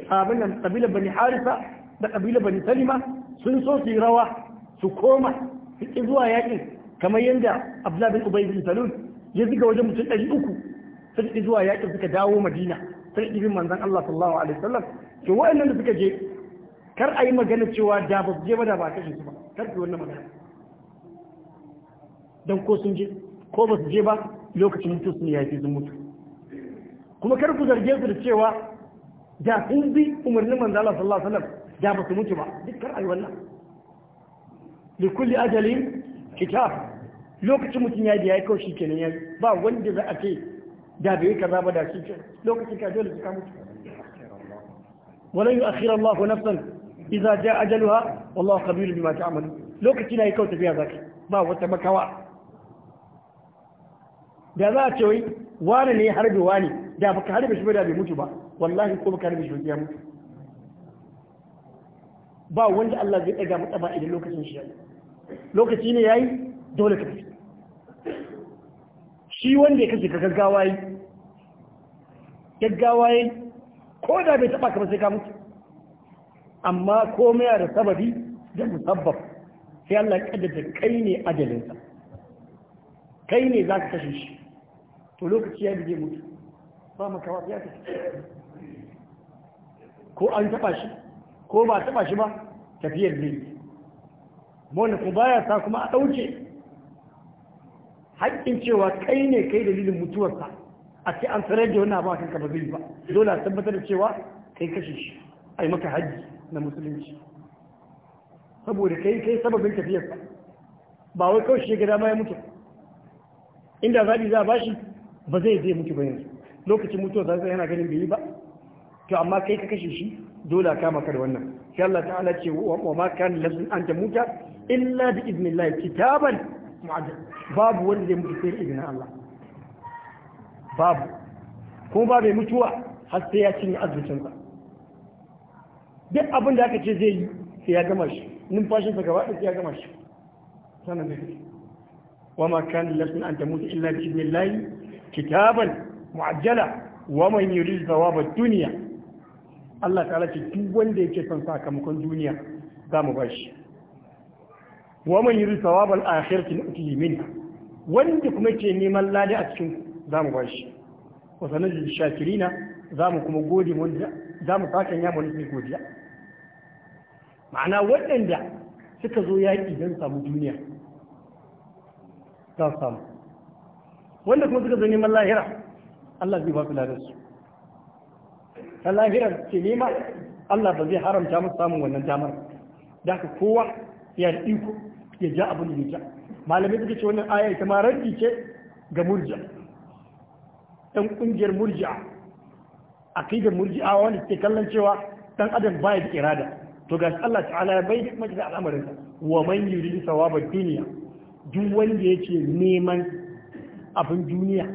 abin nan kabila bani harisa da kabila bani salima sun so su yi rawa su koma su ki zuwa yakin kamar yadda abdullahi bin ubay bin salul ya ziga wajen mutum ɗari uku sun ki zuwa yakin suka dawo madina sun ki bin manzon Allah sallallahu alaihi wasallam to wa'annan da suka je kar a yi magana cewa da ba su je ba da ba a kashe su ba kar ki wannan magana dan ko sun je ko ba su je ba lokacin mutu sun yafi sun mutu kuma kar ku zarge su da cewa da sun bi umarnin manzo Allah sallallahu alaihi wasallam da ba su mutu ba duk kar ai wannan li kulli ajalin kitab lokacin mutun ya biya kawai shikenan ya ba wanda za a ce da bai kaza ba da shikenan lokacin ka dole ka mutu wala yu'akhir Allah nafsan idza jaa ajaluha wallahu khabir bima ta'malu lokacin ya kawai tafiya zaka ba wata makawa da za a ce wai wani ne harbi wani da baka harbe shi da bai mutu ba wallahi ko baka harbe shi ba ya mutu ba wanda Allah zai ɗaga mutu ba idan lokacin shi yayi lokaci ne yayi dole ka fi shi wanda ya kashe ka gaggawa yi gaggawa yi ko da bai taba ka ba sai ka mutu amma komai da sababi da musabbab sai Allah ya da kai ne adalinsa kai ne za ka kashe shi to lokaci ya bige mutu ba makawa ya tafi ko an taba shi ko ba taba shi ba tafiyar ne wanda ku baya sa kuma a ɗauke haƙƙin cewa kai ne kai dalilin mutuwarsa a ce an tsarar da wani abu a kan ba zai ba dole a tabbatar da cewa kai kashe shi a yi maka hajji na musulunci saboda kai kai sababin tafiyarsa ba wai kawai shi ga dama ya mutu inda zaɓi za a bashi ba zai je mutu ba yanzu lokacin mutuwa sai yana ganin bai yi ba to amma kai ka kashe shi dole a kama ka da wannan sai Allah ala ce wa ma kana lafzun an tamuta illa bi idnillah kitaban mu'addal babu wanda zai mutu sai idan Allah babu kuma ba bai mutuwa har sai ya cinye azzucinsa duk abin da aka ce zai yi sai ya gama shi numfashinsa gaba ɗaya sai ya gama shi sanan da wa ma kana lafin an tamuta illa bi idnillah kitaban mu'ajjala wa man yurid thawabad dunya Allah ta'ala ce duk wanda yake son sakamakon duniya za mu ba bashi wa man yurid thawabal akhirati nu'tihi minha wanda kuma ke neman lada a cikin za mu ba bashi wa sanajil shakirina za mu kuma gode wanda, za mu fatan ya mu nufi godiya ma'ana waɗanda suka zo yaƙi don samu duniya za su samu wanda kuma suka zo neman lahira Allah zai ba su ladarsu ta lahira ke nema Allah ba zai haramta musu samun wannan damar da haka kowa ya iko ya ja abin da ya malamai suka ce wannan aya ita ma raddi ce ga murja ɗan ƙungiyar murji'a aqidar murji'a wanda ke kallon cewa dan adam baya da irada to ga Allah ta'ala ya bayyana maka da al'amarin wa man yuridu thawaba dunya duk wanda yake neman abin duniya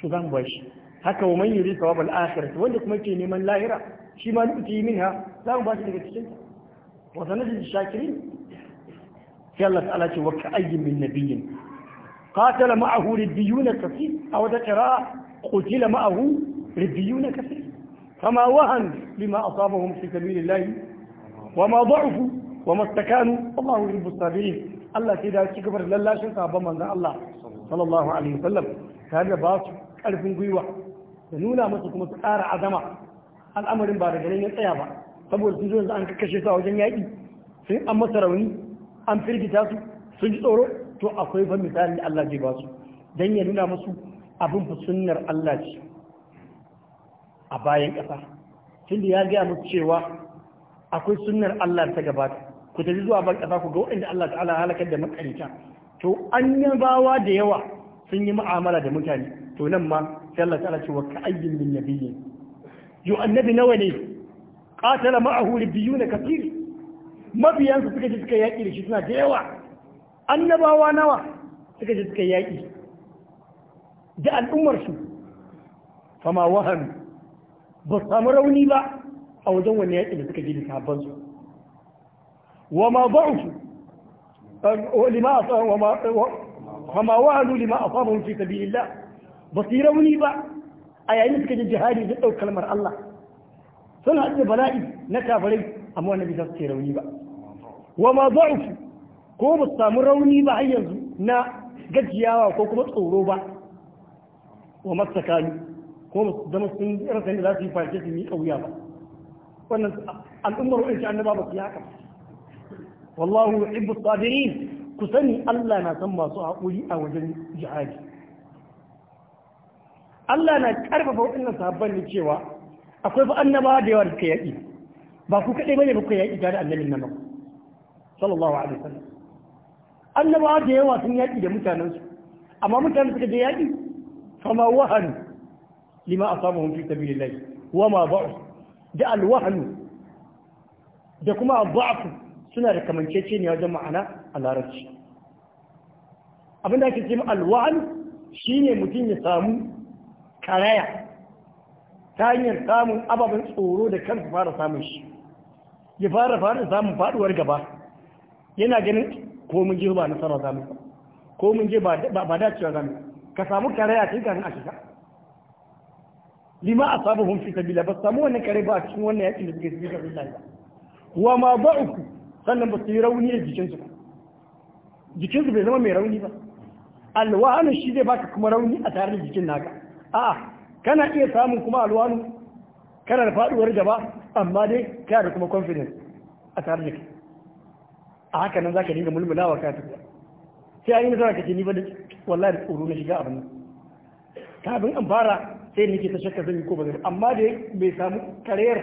to zan ba shi haka wa man yuri sawabal akhirati wanda kuma ke neman lahira shi ma duk yi min ha, za mu bashi daga cikin ta wa sanadin shakirin sai Allah ta'ala ce wa ka ayyin min nabiyyin qatala ma'ahu riddiyuna kafi aw da qira'a qutila ma'ahu riddiyuna kafi فما وهن لما أصابهم في سبيل الله وما ضعفوا وما استكانوا والله يحب الصابرين Allah sai da ci gabar lallashin sabon manzon Allah sallallahu alaihi wasallam tare da ba su karfin gwiwa da nuna masa kuma su ƙara azama al'amarin ba da ganin ya tsaya ba saboda sun zo yanzu an kashe su a wajen yaƙi sun an masa rauni an firgita su sun ji tsoro to akwai fa misalin da Allah zai ba su dan ya nuna musu abin fa sunnar Allah ce a bayan ƙasa tunda ya gaya musu cewa akwai sunnar Allah ta gabata ku tafi zuwa ban ƙasa ku ga waɗanda Allah ta'ala halakar da makarita to annabawa da yawa sun yi mu'amala da mutane to nan ma sai Allah ta'ala ce wa ka'ayyin min nabiyyi yo annabi nawa ne qatala ma'ahu ribiyuna mabiyan su suka ji suka yaki da shi suna da yawa annabawa nawa suka ji suka yaki da al'ummar su fama wahan ba samu rauni ba a wajen wani yaƙi da suka ji da sahabban su wa ma ba'u lima asabu wa ma wa'alu lima asabu fi sabilillah ba su yi rauni ba a yayin da suka ji jihadi da ɗaukar kalmar Allah sun haɗu bala'i na kafirai amma wannan bisa su ce rauni ba wa ma za'ufu ko ba su samu rauni ba har yanzu na gajiyawa ko kuma tsoro ba wa ko ba su zama sun rasa da za su yi farce al'ummar ba ba wallahu yuhibbu sabirin ku sani Allah na san masu haƙuri a wajen jihadi Allah na karfafa waɗannan sahabban ne cewa akwai fa annaba da yawa da suka yaƙi ba ku kaɗai bane ba ku yaƙi tare annabin nan sallallahu alaihi wasallam annaba da yawa sun yaƙi da mutanen su amma mutanen suka je yaƙi ma wahan lima asamuhum fi sabilillah wa ma ba'u da alwahan da kuma ba'fu suna da kamanceceniya wajen ma'ana a larabci abin da ake ce alwa'al shi ne mutum ya samu karaya ta hanyar samun ababen tsoro da kansu fara samun shi ya fara fara samun faduwar gaba yana ganin ko mun je ba nasarar za mu ko mun je ba dacewa za mu ka samu karaya tun kafin a shiga lima asabuhum fi sabila ba samu wannan kare ba a cikin wannan yakin da suke cikin sabila wa ma ba uku? sannan ba su yi rauni a jikinsu ba jikinsu bai zama mai rauni ba alwanu shi zai baka kuma rauni a tare da jikin naka a kana iya samun kuma alwanu kana da faduwar gaba amma dai kana da kuma confidence a tare da kai a haka nan zaka dinga mulmulawa ka tafiya sai ayi nasara kace ni ba da wallahi da tsoro na shiga abin kafin an fara sai nake ta shakka zan yi ko ba zan amma dai bai samu karayar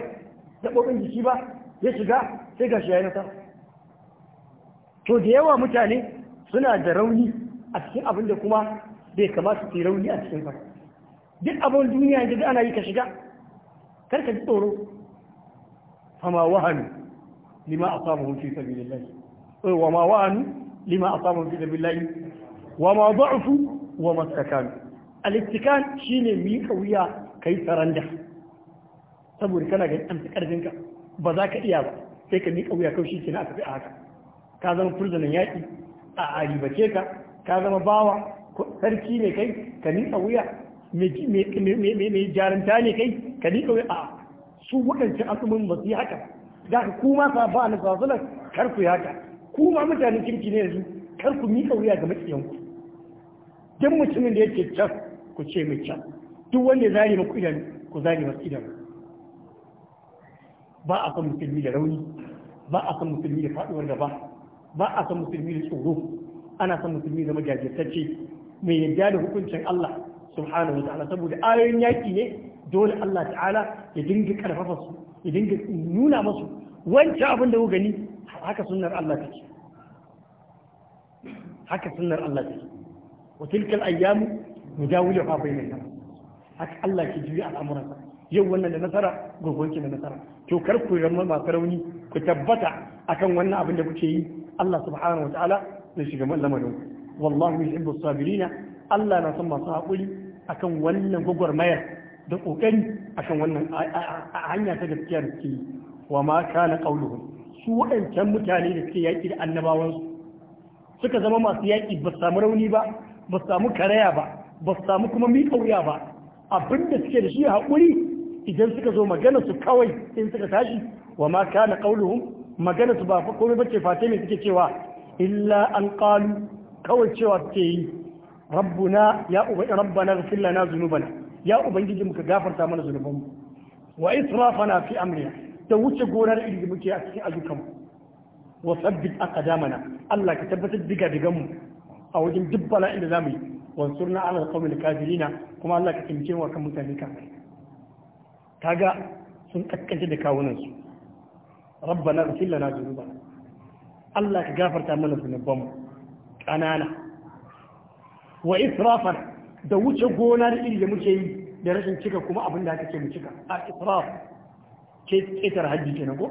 dabbobin jiki ba ya shiga sai ya yi nasara to da yawa mutane suna da rauni a cikin abin da kuma bai kamata su yi rauni a cikin ba duk abin duniya yanzu da ana yi ka shiga kar ka ji tsoro fama wahanu lima asabahu fi sabilillah wa ma wahanu lima asabahu fi sabilillah wa ma da'fu wa ma sakanu al-istikan shine mi kawiya kai saranda saboda kana ga tsamfi karfinka ba za ka iya ba sai ka miƙa wuya kaushi shi na a tafi a haka ka zama furzanin yaƙi a aribace ka ka zama bawa sarki ne kai ka nika wuya mai jaranta ne kai ka nika wuya a su waɗancan al'ummin ba su yi haka za ka kuma sa ba na sasalar kar ku yi haka kuma mutanen kirki ne yanzu kar ku wuya ga maƙiyanku duk mutumin da yake can ku ce mai can duk wanda ya zare maku idanu ku zare masu idanu ba a san musulmi da rauni ba a san musulmi da faɗuwar gaba ba a san musulmi da tsoro ana san musulmi zama jajirtacce mai yadda da hukuncin Allah subhanahu wa ta'ala saboda ayoyin yaki ne dole Allah ta'ala ya dinga karfafa su ya dinga nuna masu wancan abin da ku gani haka sunnar Allah take haka sunnar Allah take wa tilkal ayyamu mujawiluha bainan nas haka Allah ke juya al'amuransa yau wannan da nasara gobe wancan da nasara to kar ku zama masu rauni ku tabbata akan wannan abin da kuke yi Allah subhanahu wataala zai shiga wallahi wallahu yuhibbu sabirina Allah na son masu haƙuri akan wannan gwagwarmayar da ƙoƙari akan wannan hanya ta gaskiya da suke wa ma kana qauluhum su waɗancan mutane da suke yaƙi da annabawansu suka zama masu yaƙi ba samu rauni ba ba samu karaya ba ba samu kuma miƙa wuya ba abinda suke da shi haƙuri idan suka zo magana su kawai in suka tashi wa ma kana qauluhum magana su ba fa komai bace fate me suke cewa illa an qalu kawai cewa suke yi rabbuna ya uba rabbana ighfir lana dhunubana ya ubangiji muka gafarta mana zunubanmu wa israfana fi amri da wuce gonar ilimi muke a cikin ayyukanmu wa sabbit aqdamana Allah ka tabbatar diga diganmu a wajen duk bala'in da zamu yi wansurna ala alqawmil kafirina kuma Allah ka kimce wa kan mutane kafir kaga sun kakkace da kawunansu rabbana ghfir lana dhunubana Allah ka gafarta mana zunubanmu ƙanana wa israfan da wuce gona da iri da muke yi da rashin cika kuma abin da aka ce mu cika a israf ke ƙetar hajji kenan ko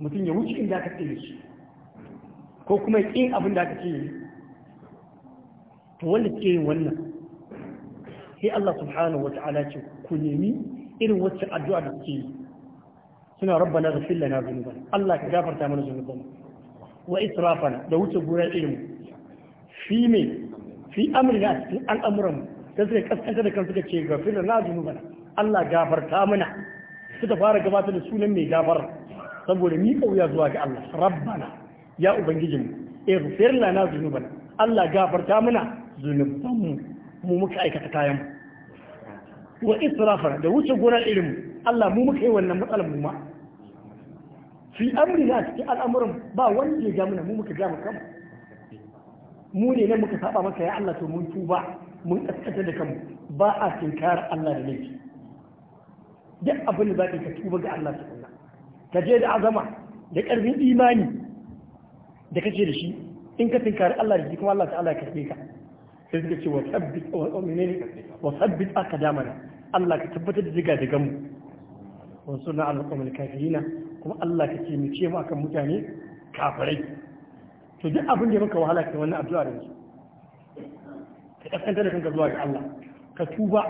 mutum ya wuce inda aka tsere shi ko kuma ƙin abin da aka ce yi to wanda ke yin wannan sai Allah subhanahu wa ta'ala ce ku nemi irin wacce addu'a da suke yi suna rabbana ghfir lana dhunubana Allah ka gafarta mana dhunuban wa israfana da wuce gurar ilimi fi me fi amrina cikin al'amuran sai suka kaskanta da kan suka ce ghfir lana dhunubana Allah gafarta mana suka fara gabatar da sunan mai gafar saboda mi kauya zuwa ga Allah rabbana ya ubangijinmu ighfir lana dhunubana Allah gafarta mana zunubanmu mu muka aikata kayan mu wa israfana da wuce gona irin Allah mu muka yi wannan matsalar mu ma fi amri na cikin al'amuran ba wanda ya ja mana mu muka ja mu kanmu mu ne nan muka saba maka ya Allah to mun tuba mun kaskata da kanmu ba a tinkar Allah da laifi duk abin da zaka ka tuba ga Allah ta tukunna ka je da azama da karfin imani da kace da shi in ka tinkari Allah da shi kuma Allah ta'ala ya karbe ka sai suka ce wa sabbit wa menene wa sabbit aka damana Allah ka tabbatar da ziga daga mu wa sunna al-qawmil kafirina kuma Allah ka ce mu ce mu akan mutane kafirai to duk abin da maka wahala ke wannan addu'a da ka kaskanta da kanka zuwa ga Allah ka tuba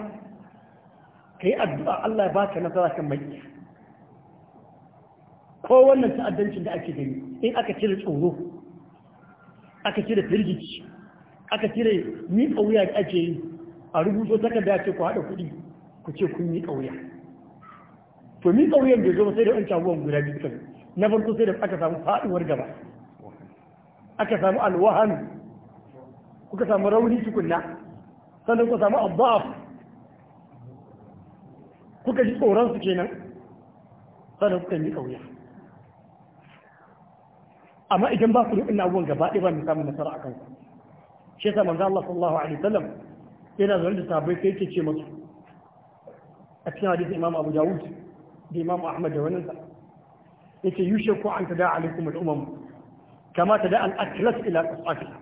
ka yi addu'a Allah ya baka nasara kan mai ko wannan ta'addancin da ake gani in aka cire tsoro aka cire firgici aka cire ni wuya da ake yi a rubuto takarda ce ku haɗa kuɗi ku ce kun yi ƙauya to mi ƙauyen bai zo sai da an abubuwan guda biyu kan na farko sai da aka samu faɗuwar gaba aka samu alwahan kuka samu rauni tukunna sannan kuka samu abba'af kuka ji tsoron su kenan sannan kuka yi ƙauya amma idan ba ku rubin abubuwan gaba ɗaya ba mu samu nasara a kanku shi yasa manzo Allah sallallahu alaihi wasallam yana zuwa da sabai sai yake ce musu أثناء حديث الإمام أبو داود الإمام أحمد ونزع أنت يشكو أن تدعى عليكم الأمم كما تدعى الأكلس إلى أسعاكنا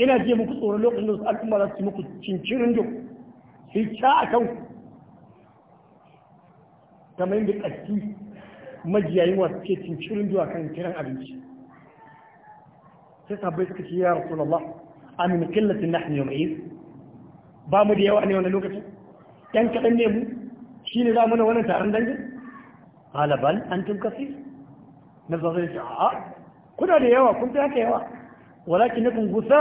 إنا جي مكتور لوق النص الأمم لا تسمك تنشرن جو في شاء كو كما يمكن أكي مجي أيوة كي تنشرن جو أكان كيران أبنش سيسابيس كتير يا رسول الله أمي من قلة نحن يوم عيد بامو دي أواني وانا لوقتي ɗan kaɗan ne mu shi ne za wani wannan taron dangin halabal an tun kafi na zaune ce a'a kuna da yawa kun fi haka yawa walakin na kun gusa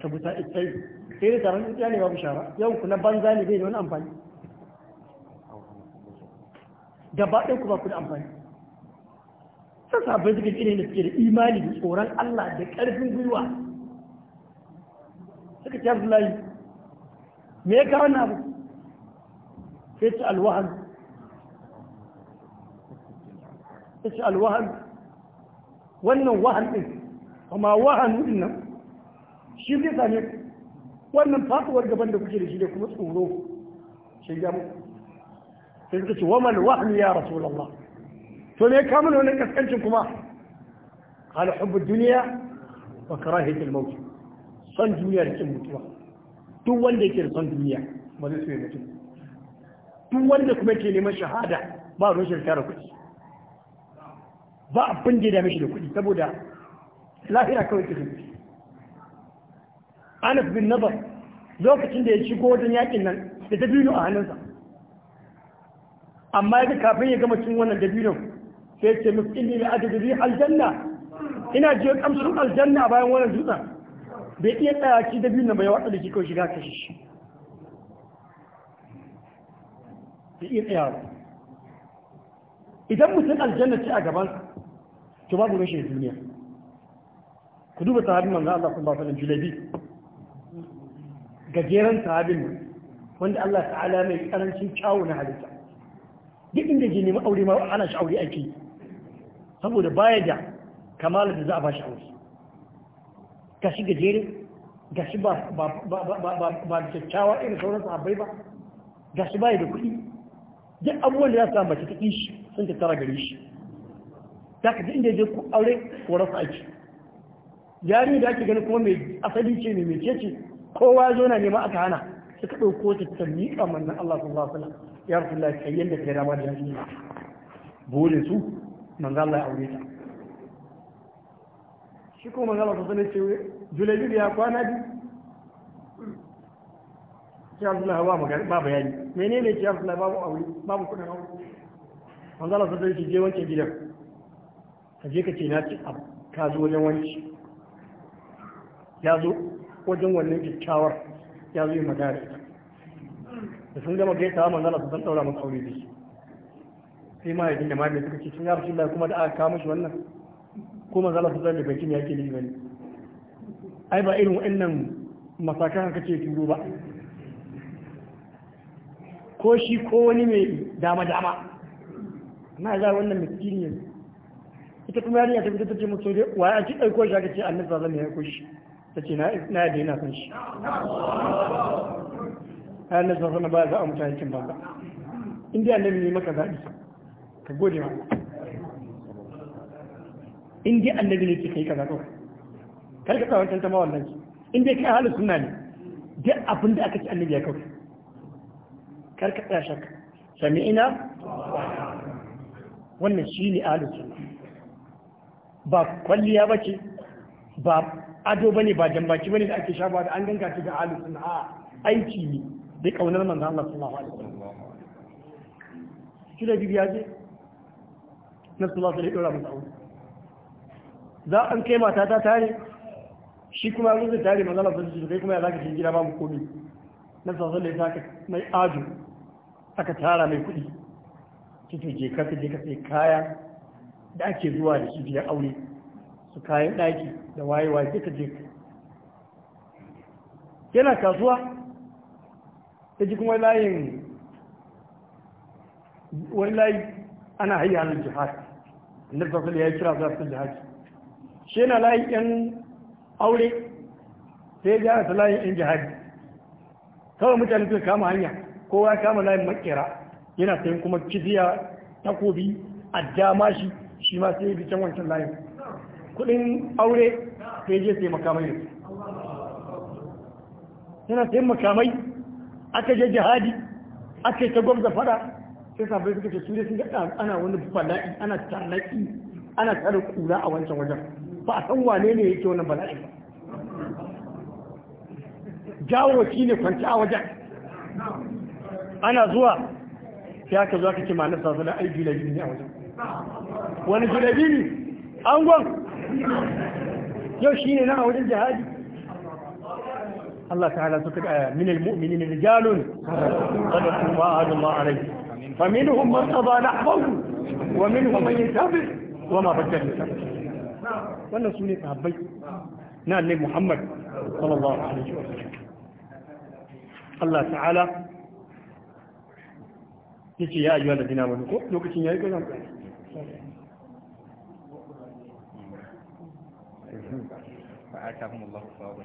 ta gusa itsai sai da taron ya ne babu shara Yau ku na banza ne bai da wani amfani gaba ɗaya ku ba ku da amfani sun sabbin suke ƙi da suke da imani da tsoron Allah da ƙarfin gwiwa suka ce Abdullahi me ya kawo na abu sai ci alwahan ci wannan wahan ɗin amma wahan ɗin nan shi zai same wannan faɗuwar gaban da kuke da shi da kuma tsoro shi ya mu. sai suka ce wa wamal wahan ya rasulallah to me ka mana wannan kaskancin kuma qala hubbu duniya wa karahiyat al-maut son duniya da kin mutuwa duk wanda yake da son duniya ba zai so ya mutu duk wanda kuma ke neman shahada ba a rushe tara kuɗi ba abin da ya dame shi da kuɗi saboda lahira kawai kisan Anas bin Nabar lokacin da ya shigo wajen yakin nan da dabino a hannunsa amma ya kafin ya gama cin wannan dabinon sai ce mafi ne da adadu bi aljanna ina jiyo kamshin aljanna bayan wannan dutsen bai iya tsaya ci dabinon bai wata da shi kawai shiga ta shi da iya tsayawa idan mutum aljanna ce a gaban to babu rashin duniya ku duba sahabin manzo Allah sallallahu alaihi wasallam julabi gajeren sahabin wanda Allah ta'ala mai karancin kyawu na halitta duk inda ke nemi aure ma ana shi aure ake saboda baya da kamalar da za a ba shi aure ga shi gajere ga shi ba kyakkyawa irin sauran sahabbai ba ga shi baya da kuɗi duk abubuwan da za su sa mace ta kishi sun ta tara gare shi ta ka inda je ku aure ko rasa aiki yari da ake gani kuma mai asali ce mai mece ce kowa zo na nema aka hana suka ɗauko ta ta miƙa manzon Allah sallallahu alaihi wasallam ya rasulullahi kai yanda kai rama da yanzu burin su manzon Allah ya aure ta shi ko manzon Allah sallallahu alaihi wasallam da ya kwana biyu sai Allah ba bayani Mene ne ki yarsu babu aure babu kudin aure manzo Allah sai ki je wancan gidan ka je ka ce na ci abu ka zo wajen wanci ya zo wajen wannan kyakkyawar ya zo yi magana da sun gama gaita manzo Allah sai daura masa aure da shi sai ma yakin da mai suka ce sun ya rashin kuma da aka kawo mishi wannan ko manzo Allah sai da bakin yake ne ai ba irin wannan masakan haka ce turo ba ko shi ko wani mai dama-dama na za wannan miskini yanzu ita kuma yarinya ta fito ta ce musu dai wa ya ci ɗauko shi aka ce annabi sallallahu alaihi wasallam ya shi ta ce na yadda yana san shi annabi sallallahu alaihi ba za a mutane cin banza in dai annabi ne maka zaɓi ka gode ma in dai annabi ne ke kai kaza kawai kar ka tsawon tantama wannan in dai kai halin na ne duk abin da aka ci annabi ya kawai karka tsaya shakka sami ina wannan shi ne alusun ba kwalliya ba ce ba ado ba ne ba jambaci ba ne da ake shafa da an ganga ce da alusun a aiki ne da kaunar manzan Allah sallallahu alaihi wasallam shi da bibiya ce na ya dora wasallam za an kai mata ta tare shi kuma rubuta tare manzan Allah su alaihi kai kuma ya zaka shi gida babu komai na sallallahu alaihi wasallam mai ajo aka tara mai kuɗi cikin je ka je ka sai kaya da ake zuwa da shi biyar aure su kayan ɗaki da wayewa duka je yana kasuwa ta ji kuma layin wani layi ana hayya halin jihar na sassan ya yi kira za su jihar shi yana layin yan aure sai ya ta layin yan jihar kawai mutane suka kama hanya kowa kama layin makera yana sayan kuma kifiya, takobi a dama shi ma sai bi can wancan layin kudin aure sai je sai makamai da yana sayan makamai aka je jihadi aka yi ta gwamza fada sai sabai suka ce su ne sun ga ana wani bala'i ana tarnaki ana tsarin kura a wancan wajen ba a san wane ne yake wani bala'i ba jawo ne kwanci a wajen ana zuwa ya ka zuwa kake ma'anar sa zana aiki da ne a wajen wani julabi ne angon yau shi ne na a wajen jihadi Allah ta'ala suka ga min al-mu'minin rijalun sadaqu ma a a ahadu ma alayhi faminhum man qada nahbahu wa minhum man yantabi wa ma badalu wannan sune sahabbai na annabi Muhammad sallallahu alaihi wa sallam Allah ta'ala yace ko فآتاهم الله ثواب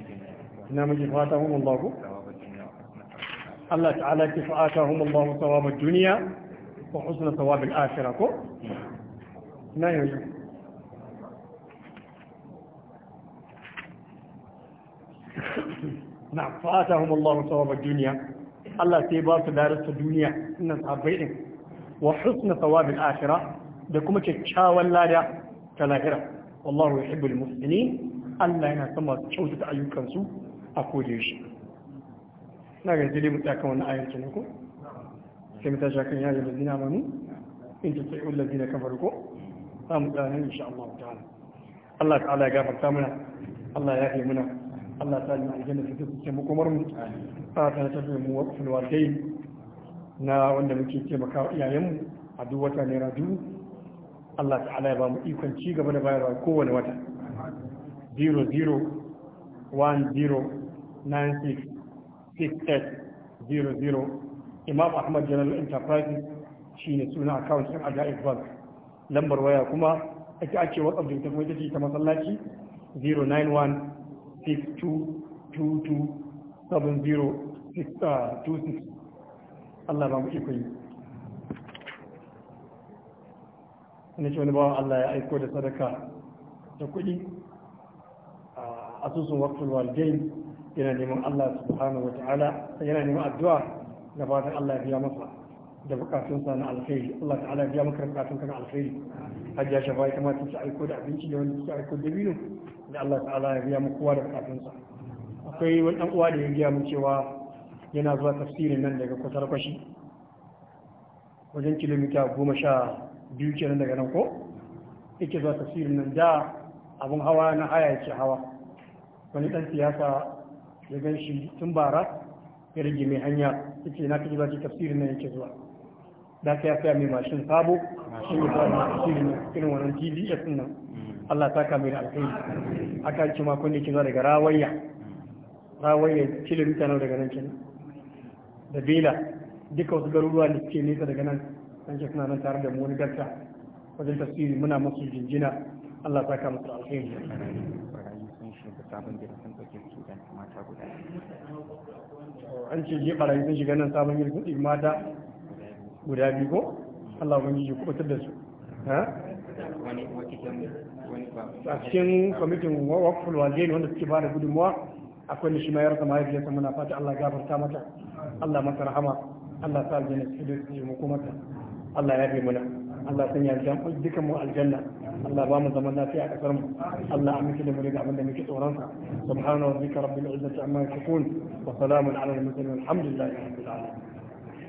نعم الله ثواب الدنيا الله تعالى الله ثواب الدنيا وحسن ثواب الآخرة كو نعم نعم فآتاهم الله ثواب الدنيا Allah sai ba su darasa duniya nan sahabbai din wa husna thawabil akhirah da kuma kyakkyawan lada ta lahira wallahu yuhibbul muslimin Allah yana son masu ayyukan su a kode shi na ga zai mu tsaka wannan ayar kenan ko sai mu tashi kan yayin lazina manu in ta sai ulul ladina kafaru ko za mu tsaya nan insha Allah ta'ala Allah ta'ala ya gafarta mana Allah ya yi muna Allah ta yi aljanna ta mu makomar mu a ta fi mu waqful walidai na wanda muke taimakawa maka iyayenmu a duk wata naira dubu Allah ta'ala ya ba mu ikon ci gaba da bayarwa kowane wata 0010966800 Imam Ahmad General Enterprises shine suna account din Ajaib Bank lambar waya kuma ake ake WhatsApp da ita kuma ita ce ta masallaci 091 7026 uh, Allah ba mu iko yi wani ce wani bawan Allah ya aiko da sadaka da kuɗi a asusun wakfin walgain yana neman Allah subhanahu wa ta'ala yana neman addu'a da fatan Allah ya biya masa da bukatunsa na alkhairi Allah ta'ala ya biya maka bukatunka na alkhairi Ya shafa ya kamata ta aiko da abinci da wani suka aiko da bino da Allah ta'ala ya biya mu kowa da bukatunsa akwai wani ɗan uwa da ya gaya mun cewa yana zuwa tafsirin nan daga kwatar kwashi wajen kilomita goma sha biyu kenan daga nan ko yake zuwa tafsirin nan da abin hawa na haya yake hawa wani ɗan siyasa ya gan shi tun bara ya rage mai hanya yake na kaji ba tafsirin nan yake zuwa da ka mai mashin sabo shi ne zuwa tafsirin nan irin wannan tbs nan mm. Allah ta kamar da alkhairi aka ci makon da ke zuwa daga rawayya rawaye cilin mutanen daga nan kenan da bela duka wasu garuruwa da ke nesa daga nan an ce suna nan tare da wani garta wajen tasiri muna masu jinjina Allah ta saka musu alheri an ce je barayi sun shiga nan sabon yin kudi mata guda biyu ko Allah wani ya kubutar da su a cikin kwamitin wakful waliyani wanda suke ba da gudunmuwa akwai ni shi ma ya rasa mahaifiyarsa muna fata Allah gafarta mata Allah mata rahama Allah sa aljanna su da su Allah ya fi muna Allah sanya aljanna dukan mu aljanna Allah ba mu zaman lafiya a kasar mu Allah amince da mu daga abin da muke tsoron sa subhana rabbika rabbil izzati amma yasifun wa salamun ala al-mursalin alhamdulillahi rabbil alamin